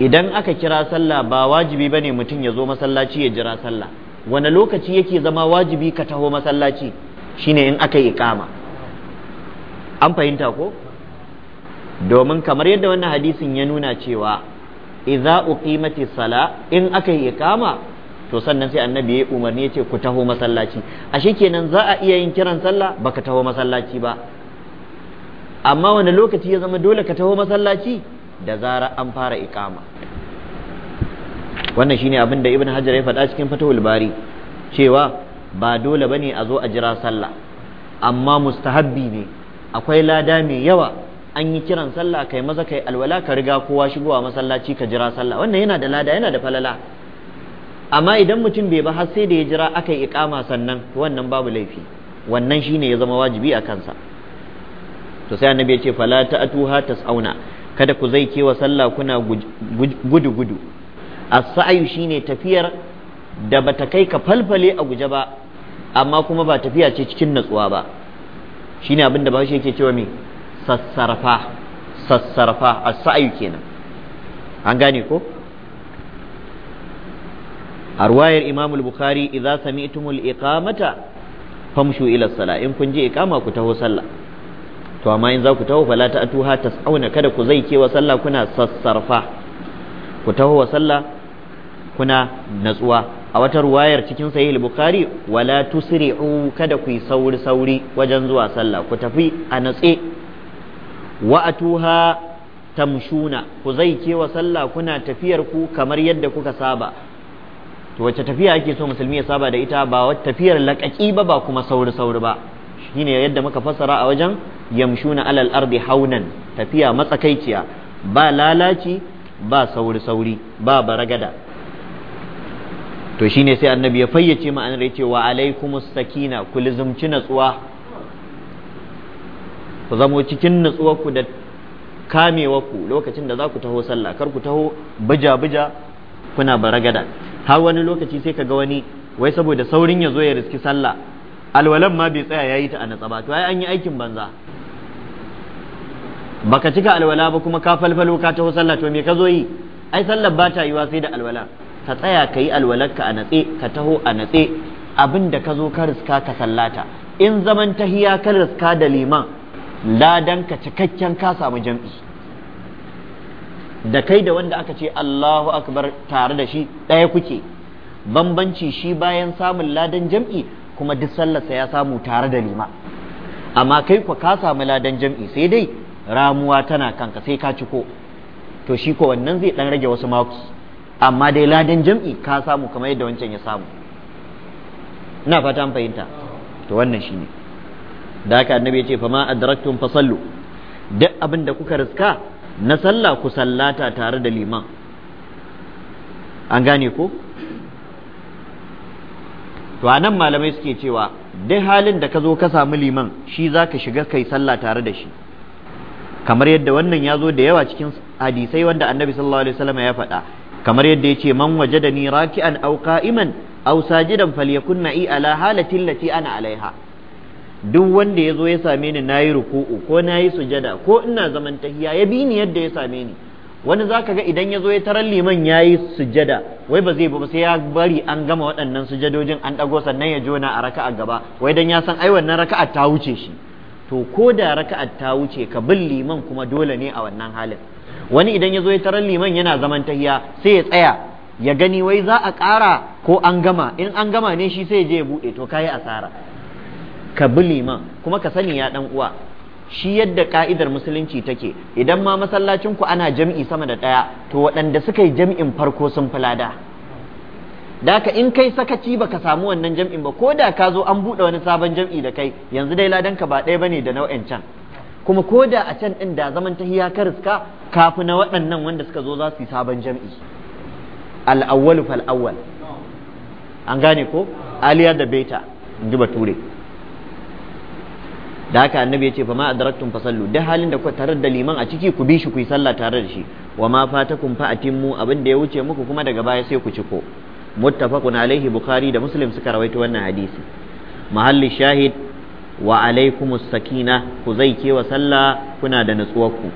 idan aka kira sallah ba wajibi bane mutum ya zo masallaci ya jira sallah wani lokaci yake zama wajibi ka taho masallaci shine in aka yi kama an fahimta ko domin kamar yadda wannan hadisin ya nuna cewa idza uqimati sala in aka yi kama to sannan sai annabi ya umarni ya ce ku taho masallaci ashe kenan za a iya yin kiran sallah baka taho masallaci ba amma wani lokaci ya zama dole ka taho masallaci da zara an fara iqama wannan shine abin da ibn hajar ya faɗa cikin fatahul bari cewa ba dole bane a zo a jira sallah amma mustahabbi ne akwai lada mai yawa an yi kiran sallah kai maza kai alwala ka riga kowa shigowa masallaci ka jira sallah wannan yana da lada yana da falala amma idan mutum bai ba har sai da ya jira aka yi ikama sannan wannan babu laifi wannan shine ya zama wajibi a kansa to sai annabi ya ce fala ta'tuha tas'auna kada ku zai kewa sallah kuna gudu gudu as-sa'yu shine tafiyar da bata kai ka falfale a guje ba amma kuma ba tafiya ce cikin natsuwa ba shine abin da shi yake cewa me sassarfa sassarfa as-sa'yu kenan an gane ko a ruwayar Imam bukhari idza sami'tumul iqamata famshu ila sala in kun ji iqama ku taho sallah to amma in za ku taho fala ta'tuha tas'auna kada ku zai kewa sallah kuna sassarfa ku taho wa sallah kuna natsuwa a wata ruwayar cikin sahih bukhari wala tusri'u kada ku sauri sauri wajen zuwa sallah ku tafi a natse atuha tamshuna ku zai kewa sallah kuna tafiyar ku kamar yadda kuka saba to wacce tafiya ake so musulmi ya saba da ita ba wata tafiyar laƙaƙi ba ba kuma sauri sauri ba shine yadda muka fassara a wajen yamshuna alal ardi haunan tafiya matsakaiciya ba lalaci ba sauri sauri ba baragada to shine sai annabi ya fayyace ma'anar ya ce wa alaikumus sakina ku lizumci natsuwa ku zamo cikin natsuwarku da ku lokacin da za ku taho sallah kar ku taho bija bija kuna baragada har wani lokaci sai ka ga wani wai saboda saurin ya zo ya riski sallah alwalan ma bai tsaya yayi ta a natsaba to ai an yi aikin banza baka cika alwala ba kuma ka falfalo ka taho sallah to me ka zo yi ai sallar ba ta yiwa sai da alwala ka tsaya ka yi alwalarka a natse ka taho a natse abin da ka zo ka riska ka sallata in zaman tahiya ka riska da liman ladan ka cikakken ka samu jam'i da kai da wanda aka ce Allahu akbar tare da shi ɗaya kuke bambanci shi bayan samun ladan jam'i kuma duk sallarsa ya samu tare da lima amma kai ku ka samu ladan jam'i sai dai ramuwa tana kanka sai ka ciko to shi ko wannan zai dan rage wasu maku. amma dai ladan jam'i ka samu kamar yadda wancan ya samu ina fata an fahimta to wannan shine da haka annabi ya ce fa ma adraktum sallu duk abin da kuka riska na sallah ku sallata tare da liman an gane ko to anan malamai suke cewa duk halin da ka zo ka samu liman shi za ka shiga kai sallah tare da shi kamar yadda wannan ya zo da yawa cikin hadisai wanda annabi sallallahu alaihi wasallam ya faɗa kamar yadda ya ce man waje da ni raki'an aw qa'iman aw sajidan falyakun i ala halatin lati ana alaiha duk wanda ya zo ya same ni nayi ruku'u ko na yi sujada ko ina zaman tahiya ya bi ni yadda ya same ni wani za ka ga idan ya zo ya tarar liman ya yi sujada wai ba zai ba sai ya bari an gama waɗannan sujadojin an ɗago sannan ya jona a raka'a gaba wai dan ya san ai wannan raka'a ta wuce shi to ko da raka'a ta wuce ka bin liman kuma dole ne a wannan halin wani idan ya zo ya tarar liman yana zaman tahiya sai ya tsaya ya gani wai za a ƙara ko an gama in an gama ne shi sai ya je ya buɗe to kayi asara ka bi liman kuma ka sani ya ɗan uwa shi yadda ka'idar musulunci take idan ma masallacin ku ana jam'i sama da ɗaya to waɗanda suka yi jam'in farko sun fi lada daka in kai sakaci baka samu wannan jam'in ba ko da ka zo an buɗe wani sabon jam'i da kai yanzu dai ladan ka ba ɗaya bane da nau'in can kuma ko da a can ɗin da zaman tahiya ka riska kafi na waɗannan wanda suka zo za su yi sabon jam'i al'awwalu fal awwal an gane ko aliya da beta in ji bature da haka annabi ya ce fa ma adraktum fasallu da halin da kuka tarar da liman a ciki ku bi shi ku yi sallah tare da shi wa ma fatakum fa atimmu abin da ya wuce muku kuma daga baya sai ku ci ko muttafaqun alaihi bukhari da muslim suka rawaito wannan hadisi mahalli shahid wa alaikumus sakina ku zai wa sallah kuna da natsuwarku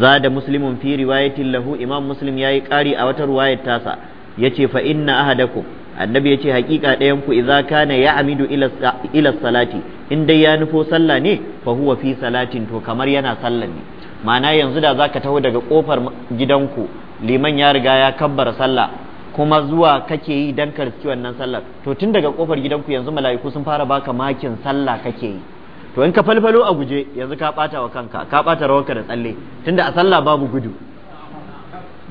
zada muslimun fi riwayatin lahu imam muslim yayi kari a wata riwayar tasa yace fa inna ahadakum annabi yace hakika ɗayan ku idza kana ya'midu ila ila salati in dai ya nufo sallah ne fa huwa fi salatin to kamar yana sallah ne ma'ana yanzu da zaka taho daga kofar gidanku liman ya riga ya kabbara sallah kuma zuwa kake yi dan karski wannan sallar to tun daga kofar gidanku yanzu mala'iku sun fara baka makin sallah kake yi to in ka falfalo a guje yanzu ka bata wa kanka ka bata rawarka da tsalle tunda a sallah babu gudu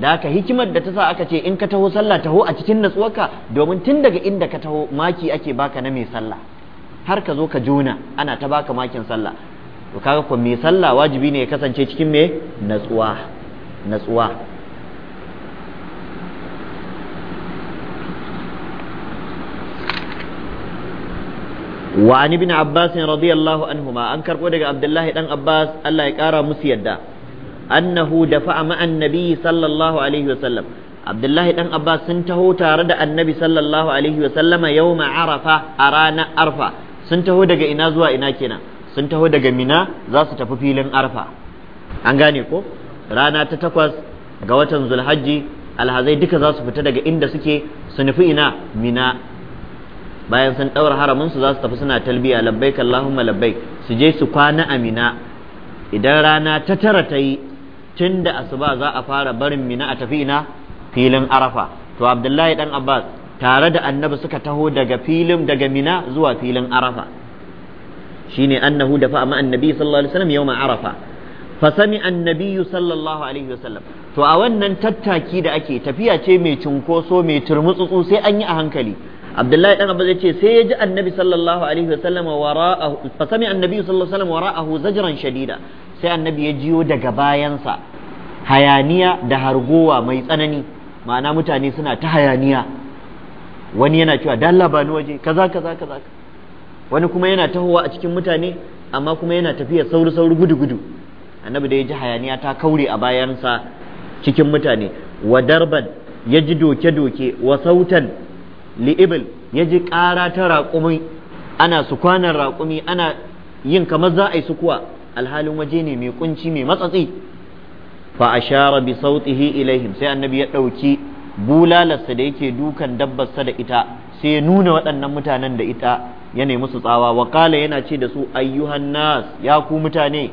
da haka hikimar da ta sa aka ce in ka taho sallah taho a cikin natsuwarka domin tun daga inda ka taho maki ake baka na mai sallah har ka zo ka jona ana ta baka makin sallah to kaga ko mai sallah wajibi ne ya kasance cikin me natsuwa natsuwa wa an ibn abbas radiyallahu ma an karbo daga abdullahi dan abbas Allah ya kara musu yadda annahu dafa ma'a annabi sallallahu alaihi wa sallam abdullahi dan abbas sun taho tare da annabi sallallahu alaihi wa sallama yawma arafa a rana arfa sun taho daga ina zuwa ina kenan sun taho daga mina za su tafi filin arfa an gane ko rana ta takwas ga watan zulhajji alhazai duka za su fita daga inda suke su ina mina bayan sun ɗaura haramin su za su tafi suna talbiya labbaik Allahumma labbaik su je su kwana amina idan rana ta tara ta yi tun da asuba za a fara barin mina a tafi ina filin arafa to abdullahi dan abbas tare da annabi suka taho daga filin daga mina zuwa filin arafa shine annahu da fa'a ma annabi sallallahu alaihi wasallam yawma arafa Fa sami annabiyu sallallahu alaihi wasallam to a wannan tattaki da ake tafiya ce mai cunkoso mai turmutsutsu sai an yi a hankali abdullahi dan abu zai ce sai ya ji annabi sallallahu alaihi wasallam wara'ahu fa sami annabi sallallahu alaihi wasallam wara'ahu zajran shadida sai annabi ya jiyo daga bayansa hayaniya da hargowa mai tsanani ma'ana mutane suna ta hayaniya wani yana cewa da Allah ba ni waje kaza kaza kaza wani kuma yana tahowa a cikin mutane amma kuma yana tafiya sauri sauri gudu gudu annabi da ya ji hayaniya ta kaure a bayansa cikin mutane wa darban ya ji doke doke wa sautan li'ibil ya ji ƙara ta raƙumi ana su kwanan raƙumi ana yin kamar za a yi sukuwa alhalin waje ne mai ƙunci mai matsatsi fa a ashara bi sautihi ilaihim sai annabi ya ɗauki bulalarsa da yake dukan dabbarsa da ita sai ya nuna waɗannan mutanen da ita ya nemi su tsawa wa yana ce da su ayyuhan nas ya ku mutane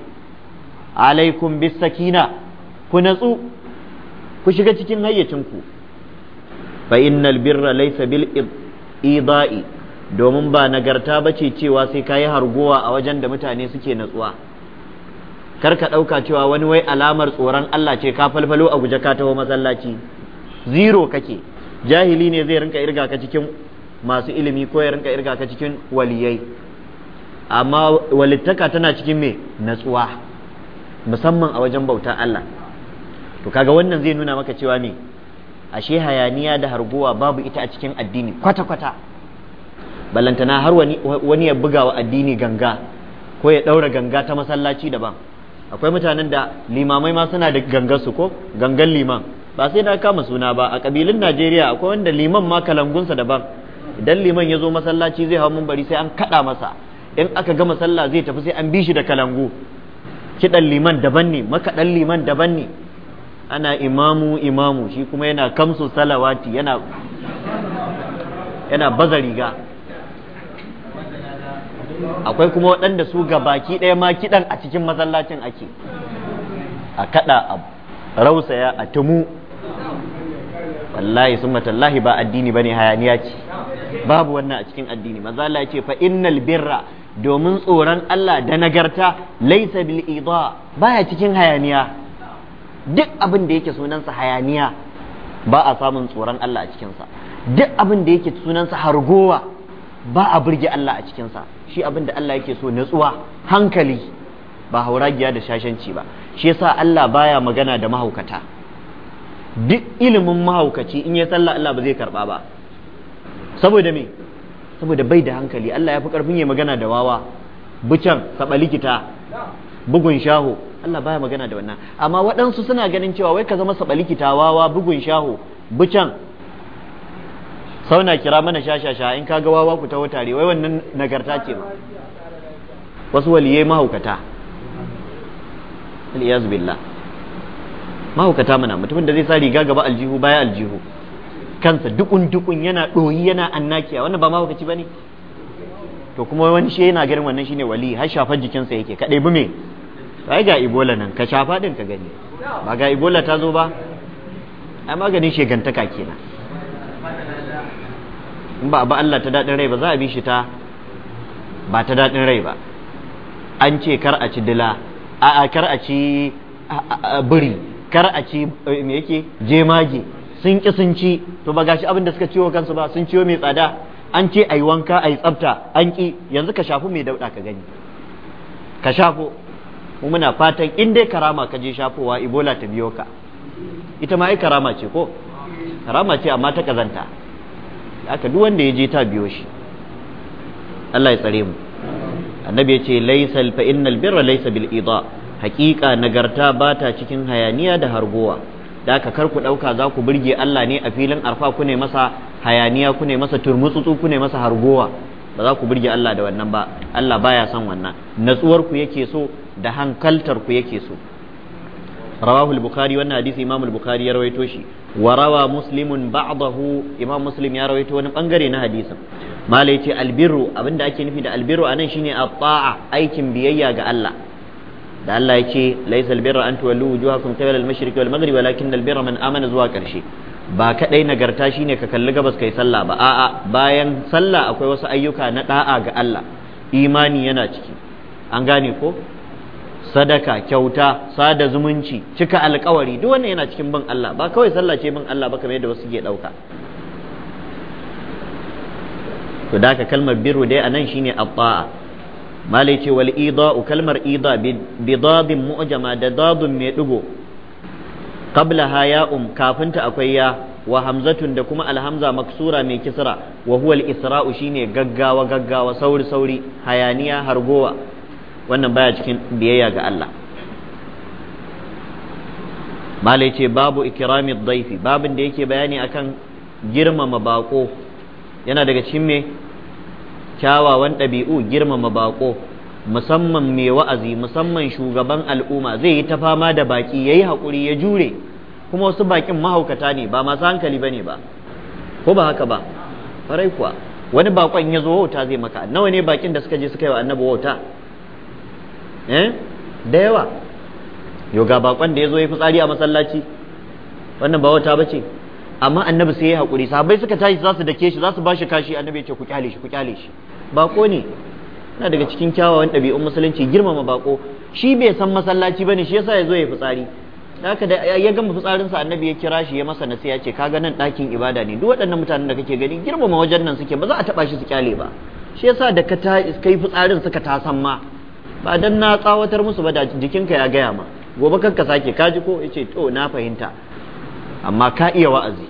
alaikum bis sakina ku natsu ku shiga cikin hayyacinku fa innal birra laysa bil ida'i domin ba nagarta ba ce cewa sai kayi harguwa a wajen da mutane suke natsuwa kar ka ɗauka cewa wani wai alamar tsoron Allah ce ka falfalo a guje ka taho masallaci zero kake jahili ne zai rinka irga ka cikin masu ilimi ko ya rinka irga ka cikin waliyai amma walittaka tana cikin me natsuwa musamman a wajen bauta Allah to kaga wannan zai nuna maka cewa ne ashe hayaniya da harguwa babu ita a cikin addini kwata-kwata ballantana har wani ya buga wa addini ganga ko ya ɗaura ganga ta masallaci daban akwai mutanen da limamai ma suna da gangar su ko gangan liman ba sai na kama suna ba a kabilun najeriya akwai wanda liman ma kalangunsa daban idan liman ya zo masallaci zai hau bari sai an kaɗa masa in aka gama sallah zai tafi sai an bi shi da kalangu kiɗan liman daban ne makaɗan liman daban ne ana imamu imamu shi kuma yana kamsu salawati yana yana baza riga akwai kuma waɗanda su gabaki ɗaya ma kiɗan a cikin masallacin ake a kaɗa a rausaya a tumu wallahi sun matallahi ba addini bane hayaniya ce babu wannan a cikin addini maza Allah ce fa innal birra domin tsoron Allah da nagarta laisa bil idha baya cikin hayaniya duk abin da yake sunansa hayaniya ba a samun tsoron Allah a cikinsa duk abin da yake sunansa hargowa ba a burge Allah a cikinsa shi abin da Allah yake so natsuwa hankali ba hauragiya da shashanci ba shi yasa Allah baya magana da mahaukata duk ilimin mahaukaci in ya sallah Allah ba zai karba ba saboda me saboda bai da hankali Allah ya fi karfin ya magana da wawa bucan saba likita bugun shaho Allah baya magana da wannan amma waɗansu suna ganin cewa wai ka zama sabaliki tawawa bugun shaho bucan sauna kira mana shashasha in ka ga wawa ku taho tare wai wannan nagarta ce ba wasu waliyai mahaukata aliyazu billah mahaukata mana mutumin da zai sa riga gaba aljihu baya aljihu kansa dukun dukun yana ɗoyi yana annakiya wannan ba mahaukaci ba ne to kuma wani shi yana ganin wannan shine wali har shafar jikinsa yake kaɗai bi me kai ga ibola nan ka sha fadin ka gani ba ga ibola ta zo ba ai maganin shegantaka kenan in ba ba Allah ta daɗin rai ba za a bi shi ta ba ta daɗin rai ba an ce kar a ci dila a kar a ci biri kar a ci eh, me yake jemage sun ki sun ci to ba gashi abin da suka ciwo kansu ba sun ciwo mai tsada an ce ai wanka ai tsafta an ki yanzu ka shafu mai dauɗa ka gani ka shafu mu muna fatan in dai karama ka je shafowa ibola ta biyo ka ita ma ai karama ce ko karama ce amma ta kazanta aka duk wanda ya je ta biyo shi Allah ya tsare mu annabi ya ce laysa fa innal birra laysa bil ida haqiqa nagarta ba ta cikin hayaniya da hargowa da aka kar ku dauka za ku burge Allah ne a filin arfa ku ne masa hayaniya ku ne masa turmutsutsu ku ne masa hargowa ba za ku burge Allah da wannan ba Allah baya son wannan natsuwar ku yake so da hankaltar ku yake so rawahu al-bukhari wannan hadisi imam al-bukhari ya rawaito shi wa rawa muslimun ba'dahu imam muslim ya rawaito wani bangare na hadisin malai yace albirru abinda ake nufi da albirru anan shine at-ta'a aikin biyayya ga Allah da Allah yace laysa al-birra an tuwallu wujuhakum qibla al-mashriq wal maghrib walakin al-birra man amana zuwa karshe ba kadai nagarta shine ka kalli gabas kai sallah ba a'a bayan sallah akwai wasu ayyuka na da'a ga Allah imani yana ciki an gane ko sadaka kyauta sada zumunci cika alkawari duk wannan yana cikin bin Allah ba kawai sallah ce bin Allah ba kamar yadda wasu ke dauka to da kalmar birru dai anan shine atta'a malai ce wal ida'u kalmar ida bi dadin mu'jama da dadin mai digo qabla ha ya um kafinta akwai ya wa hamzatun da kuma alhamza maksura mai kisra wa huwa al isra'u shine gaggawa gaggawa sauri sauri hayaniya hargowa wannan baya cikin biyayya ga Allah malai ce babu ikirami daifi babin da yake bayani akan girmama bako yana daga cikin me kyawawan ɗabi'u girmama bako musamman mai wa'azi musamman shugaban al'umma zai yi ta fama da baki yayi haƙuri ya jure kuma wasu bakin mahaukata ne ba masu hankali bane ba ko ba haka ba farai kuwa wani bakon ya zo wauta zai maka nawa ne bakin da suka je suka yi wa annabi wauta dayawa eh? da yawa yau ga bakon da ya zo ya fitsari a masallaci wannan ba wata bace amma annabi sai ya haƙuri sahabbai suka tashi za su dake shi za su ba shi kashi annabi ya ce ku kyale shi ku kyale shi bako ne yana daga cikin kyawawan ɗabi'un musulunci girmama bako shi bai san masallaci bane shi yasa ya zo ya fitsari haka da ya gama fitsarinsa annabi ya kira shi ya masa nasiya ce kaga nan ɗakin ibada ne duk waɗannan mutanen da kake gani girmama wajen nan suke ba za a taɓa shi su kyale ba shi yasa da ka kai fitsarin suka ta san ma ba dan na tsawatar musu ba da jikinka ya gaya ma gobe kanka sake ka ji ko yace to na fahimta amma ka iya wa'azi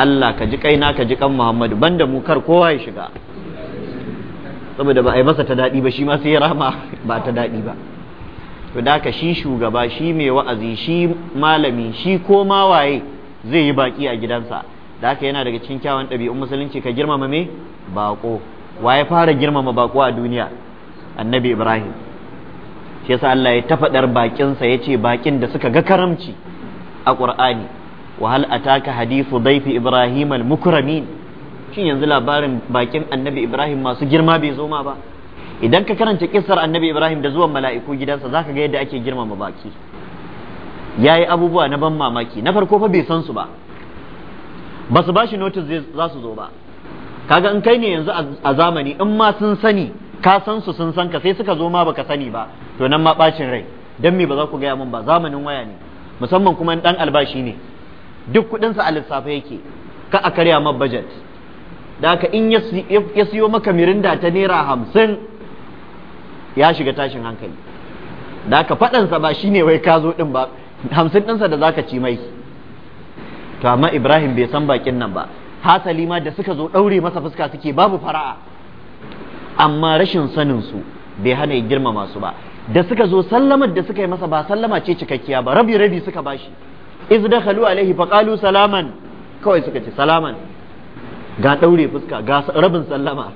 Allah ka ji kaina ka ji kan Muhammadu banda mu kar kowa ya shiga saboda ba a yi masa ta daɗi ba shi ma sai rama ba ta daɗi ba to da ka shi shugaba shi mai wa'azi shi malami shi ko ma waye zai yi baki a gidansa da haka yana daga cikin kyawun ɗabi'un musulunci ka girmama me bako waye fara girmama bako a duniya annabi ibrahim yasa Allah ya tafadar bakinsa ya ce bakin da suka ga karamci a ƙur'ani wa hal ataka hadithu daifi ibrahim al mukramin shin yanzu labarin bakin annabi ibrahim masu girma bai zo ma ba idan ka karanta kissar annabi ibrahim da zuwan mala'iku gidansa zaka ga yadda ake girmama baki yayi abubuwa na ban mamaki na farko fa bai san su ba ba su ba shi notice za su zo ba kaga in kai ne yanzu a zamani in ma sun sani ka san su sun san ka sai suka zo ma baka sani ba to nan ma bacin rai dan me ba za ku gaya mun ba zamanin waya ne musamman kuma dan albashi ne duk kudin sa a lissafe yake ka a karya ma budget da haka in ya siyo maka mirinda ta naira hamsin ya shiga tashin hankali da haka sa ba shine wai ka zo ɗin ba hamsin ɗinsa da zaka ci mai to amma ibrahim bai san bakin nan ba hasali ma da suka zo ɗaure masa fuska suke babu fara'a amma rashin sanin su bai hana ya girmama su ba da suka zo sallamar da suka yi masa ba sallama ce cikakkiya ba rabi rabi suka bashi iz dakhalu alaihi qalu salaman kawai suka ce salaman ga daure fuska ga rabin sallama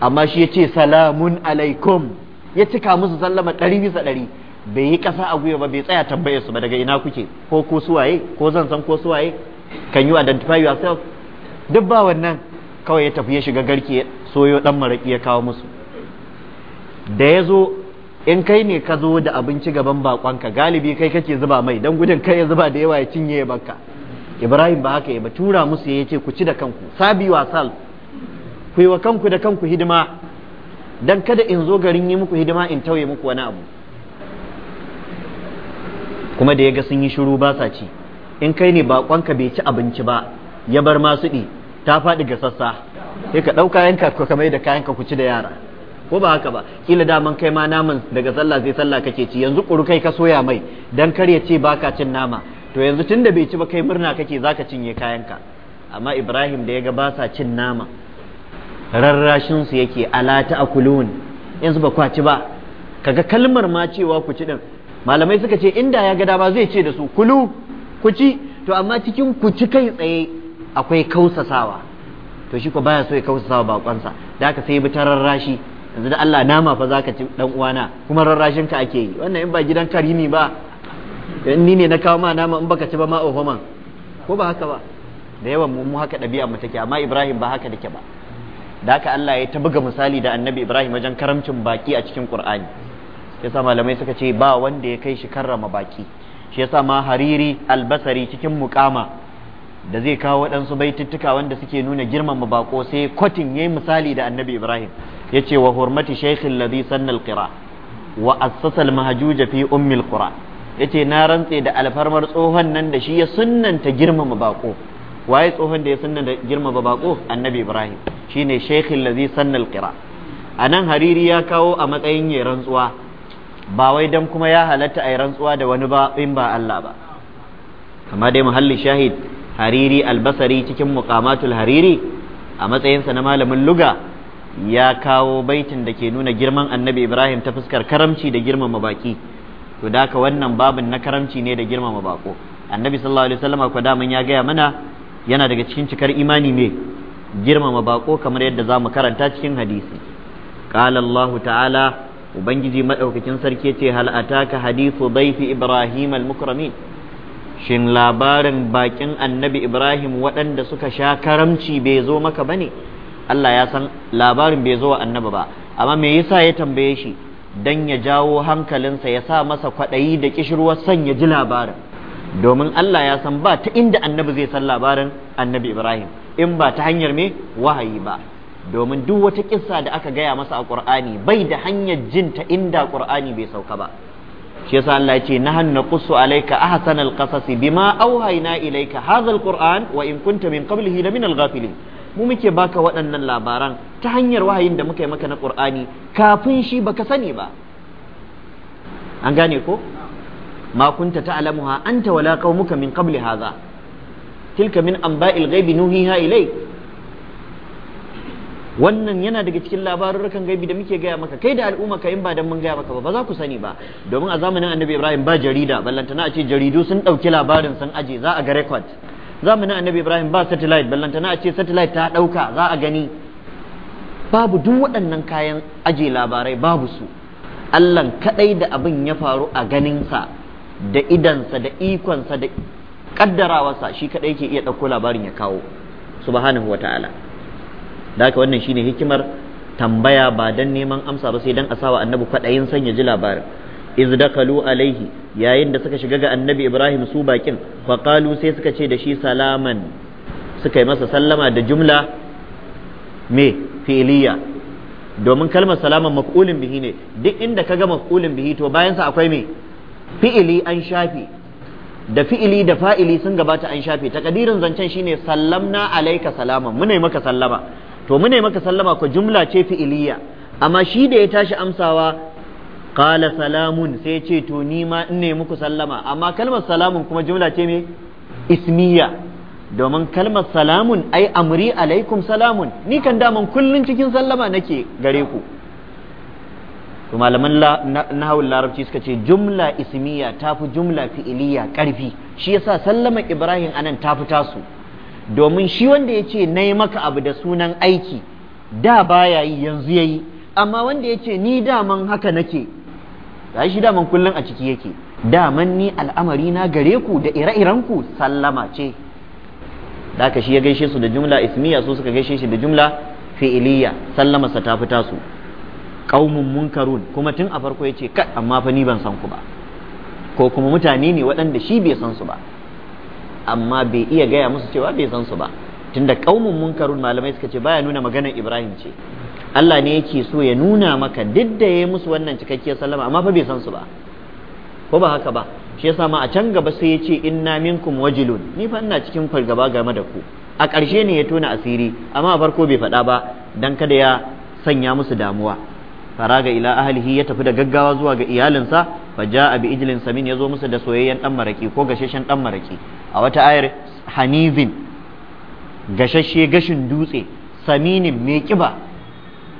amma shi yace salamun alaikum ya cika musu sallama ɗari bisa ɗari bai yi ƙasa a gwiwa ba bai tsaya tambayar su ba daga ina kuke ko ko suwaye ko zan san ko suwaye can you identify yourself duk ba wannan kawai ya tafi ya shiga garki ya soyo dan maraki ya kawo musu da ya zo in kai ne ka zo da abinci gaban bakonka galibi kai kake zuba mai dan gudun kai ya zuba da yawa ya cinye ya baka ibrahim ba haka ya ba tura musu ya ce ku ci da kanku sabi wa ku yi wa kanku da kanku hidima dan kada in zo garin yi muku hidima in tauye muku wani abu kuma da ya ga sun yi shiru ba sa ci in kai ne bakonka bai ci abinci ba ya bar masu ɗi ta faɗi ga sassa sai ka ɗauka yanka ka kamar da kayanka ku ci da yara ko ba haka ba kila daman kai ma naman daga sallah sai sallah kake ci yanzu kuru kai ka soya mai dan kar ya ce baka cin nama to yanzu tun da bai ci ba kai murna kake zaka cinye kayanka amma Ibrahim da yaga ga ba sa cin nama rarrashin su yake ala ta'kulun yanzu ba kwaci ba kaga kalmar ma cewa ku ci din malamai suka ce inda ya ga dama zai ce da su kulu ku ci to amma cikin ku ci kai tsaye akwai kausasawa to shi ko baya so ya kausasawa bakonsa da haka sai bi tararrashi yanzu da Allah nama fa zaka ci dan uwana kuma rarrashin ka ake yi wannan in ba gidan karimi ba in ni ne na kawo ma nama in baka ci ba ma oho man ko ba haka ba da yawan mu haka ɗabi'a mu take amma Ibrahim ba haka take ba da haka Allah ya ta buga misali da Annabi Ibrahim wajen karamcin baki a cikin Qur'ani yasa malamai suka ce ba wanda ya kai shi karrama baki shi yasa ma Hariri Albasari cikin mukama da zai kawo waɗansu baituttuka wanda suke nuna girmama bako sai kwatin yayi misali da Annabi Ibrahim yace wa hurmati shaykhin ladhi sanna alqira wa assasa almahjuja fi ummi alqura yace na rantse da alfarmar tsohon nan da shi ya sunnanta girmama bako waye tsohon da ya sunnanta girmama bako annabi ibrahim shine shaykhin ladhi sanna alqira anan hariri ya kawo a matsayin yayin rantsuwa ba wai dan kuma ya halatta a rantsuwa da wani ba in ba Allah ba kama dai muhalli shahid hariri albasari cikin muqamatul hariri a matsayinsa na malamin luga ya kawo baitin da ke nuna girman annabi ibrahim ta fuskar karamci da girmama baki to da ka wannan babin na karamci ne da girmama bako annabi sallallahu alaihi wasallam ko daman ya gaya mana yana daga cikin cikar imani ne girmama bako kamar yadda za mu karanta cikin hadisi qala allah ta'ala ubangiji madaukakin sarki ce hal ataka hadithu dayfi ibrahim al-mukramin shin labarin bakin annabi ibrahim waɗanda suka sha karamci bai zo maka bane Allah ya san labarin bai zo wa annaba ba amma me yasa ya tambaye shi dan ya jawo hankalinsa ya sa masa kwaɗayi da kishirwar son ya ji labarin domin Allah ya san ba ta inda annabi zai san labarin annabi Ibrahim in ba ta hanyar me wahayi ba domin duk wata kissa da aka gaya masa a Qur'ani bai da hanyar jin ta inda Qur'ani bai sauka ba shi yasa Allah ya ce nahnu naqussu alayka ahsanal qasasi bima ilaika ilayka hadha alquran wa in kunta min qablihi lamina alghafilin mu muke baka waɗannan labaran ta hanyar wahayin da muka yi maka na ƙur'ani kafin shi baka sani ba an gane ko ma kunta ta'lamuha anta wala qaumuka min qabli hadha tilka min anba'il ghaibi nuhiha ilai wannan yana daga cikin labarurrukan gaibi da muke gaya maka kai da al'umma ka in ba dan mun gaya maka ba ba za ku sani ba domin a zamanin annabi ibrahim ba jarida ballantana a ce jaridu sun ɗauki labarin sun aje za a ga record zamanin annabi ibrahim ba satellite ballantana a ce satellite ta ɗauka za a gani babu duk waɗannan kayan aje labarai babu su Allah kaɗai da abin ya faru a ganinsa da idansa da ikonsa da kaddarawarsa shi kaɗai ke iya ɗauko labarin ya kawo subhanahu wata'ala da haka wannan shine hikimar tambaya ba dan neman amsa ba sai dan asawa annabi kwaɗayin ya ji labarin iz dakalu alaihi yayin da suka shiga ga annabi ibrahim su bakin fa qalu sai suka ce da shi salaman suka yi masa sallama da jumla me fi'iliya domin kalmar salaman maf'ulin bihi ne duk inda kaga maf'ulin bihi to bayan sa akwai me fi'ili an shafi da fi'ili da fa'ili sun gabata an shafi takadirin zancen shine sallamna alaika salaman mune maka sallama to mune maka sallama ko jumla ce fi'iliya amma shi da ya tashi amsawa qala salamun sai ce to ni ma in ne muku sallama amma kalmar salamun kuma jumla ce me ismiya domin kalmar salamun ai amri alaikum salamun ni kan daman kullun cikin sallama nake gare ku to malaman nahawul larabci suka ce jumla ismiya tafi jumla fi'iliya karfi shi yasa sallama ibrahim anan tafi tasu domin shi wanda ya ce na yi maka abu da sunan aiki da baya yi yanzu ya yi amma wanda ya ce ni daman haka nake ga shi daman kullum a ciki yake daman ni al'amari na gare ku da ire-iren ku sallama ce da ka shi ya gaishe su da jumla ismiya su suka gaishe shi da jumla fi'iliya sallama sa ta fita su qaumun munkarun kuma tun a farko yace kai amma fa ni ban san ku ba ko kuma mutane ne waɗanda shi bai san su ba amma bai iya gaya musu cewa bai san su ba tunda qaumun munkarun malamai suka ce baya nuna maganar Ibrahim ce Allah ne yake so ya nuna maka duk da ya musu wannan cikakkiyar sallama amma fa bai san su ba ko ba haka ba shi yasa ma a can gaba sai ya ce inna minkum wajilun ni fa ina cikin fargaba game da ku a ƙarshe ne ya tona asiri amma a farko bai faɗa ba dan kada ya sanya musu damuwa faraga ila ahlihi ya tafi da gaggawa zuwa ga iyalinsa fa jaa bi ijlin samin yazo musu da soyayyen dan maraki ko gasheshen dan maraki a wata ayar hanizin gashashe gashin dutse saminin mai kiba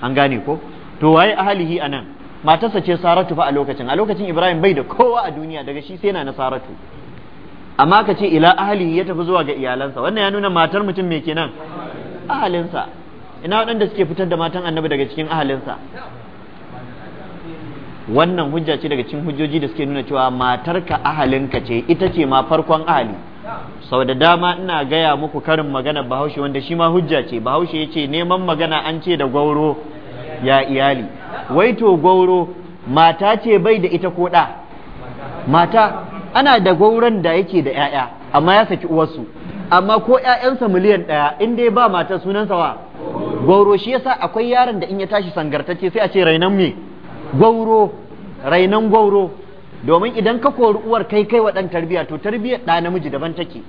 an gane ko to waye ahalihi anan matarsa ce saratu fa a lokacin a lokacin ibrahim bai da kowa a duniya daga shi sai na na saratu amma ka ce ila ahalihi ya tafi zuwa ga iyalansa wannan ya nuna matar mutum mai kenan ahalinsa ina waɗanda suke fitar da matan annabi daga cikin ahalinsa wannan hujja ce daga cikin hujjoji da suke nuna cewa matarka ahalinka ce ita ce ma farkon ahali sau da dama ina gaya muku karin magana bahaushe wanda shi ma hujja ce bahaushe ya ce neman magana an ce da gwauro ya iyali wai to gwauro mata ce bai da ita ko ɗa mata ana da gwauron da yake da 'ya'ya amma ya saki uwarsu amma ko 'ya'yansa miliyan ɗaya in dai ba mata sunansa wa gwauro shi yasa akwai yaron da in ya tashi sangartacce sai a ce rainan me gwauro rainan gwauro domin idan ka kori uwar kai kai wa ɗan tarbiyya to tarbiyya ɗa namiji daban take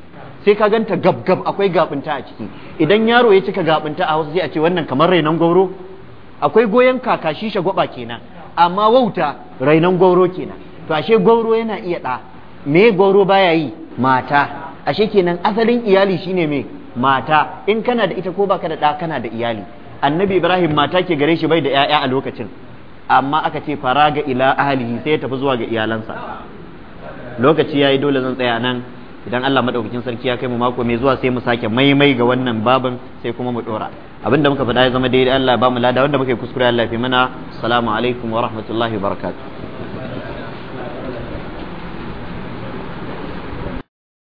sai ka ganta gab gab akwai gabinta a ciki idan yaro ya cika gabinta a wasu zai a ce wannan kamar rainon gwauro akwai goyon kaka shi shagwaba kenan amma wauta rainon gwauro kenan to ashe gwauro yana iya ɗa me gwauro baya yi mata ashe kenan asalin iyali shine me mata in kana da ita ko ba ka da ɗa kana da iyali annabi ibrahim mata ke gare shi bai da 'ya'ya a lokacin amma aka ce fara ga ila ahalihi sai ya tafi zuwa ga iyalansa lokaci ya yi dole zan tsaya nan idan Allah madaukakin sarki ya kai mu mako mai zuwa sai mu sake maimai ga wannan babin sai kuma mu ɗora abinda muka faɗa ya zama daidai Allah ba mu lada wanda muka yi kuskure Allah ya fi mana assalamu alaikum wa rahmatullahi wa barakatuh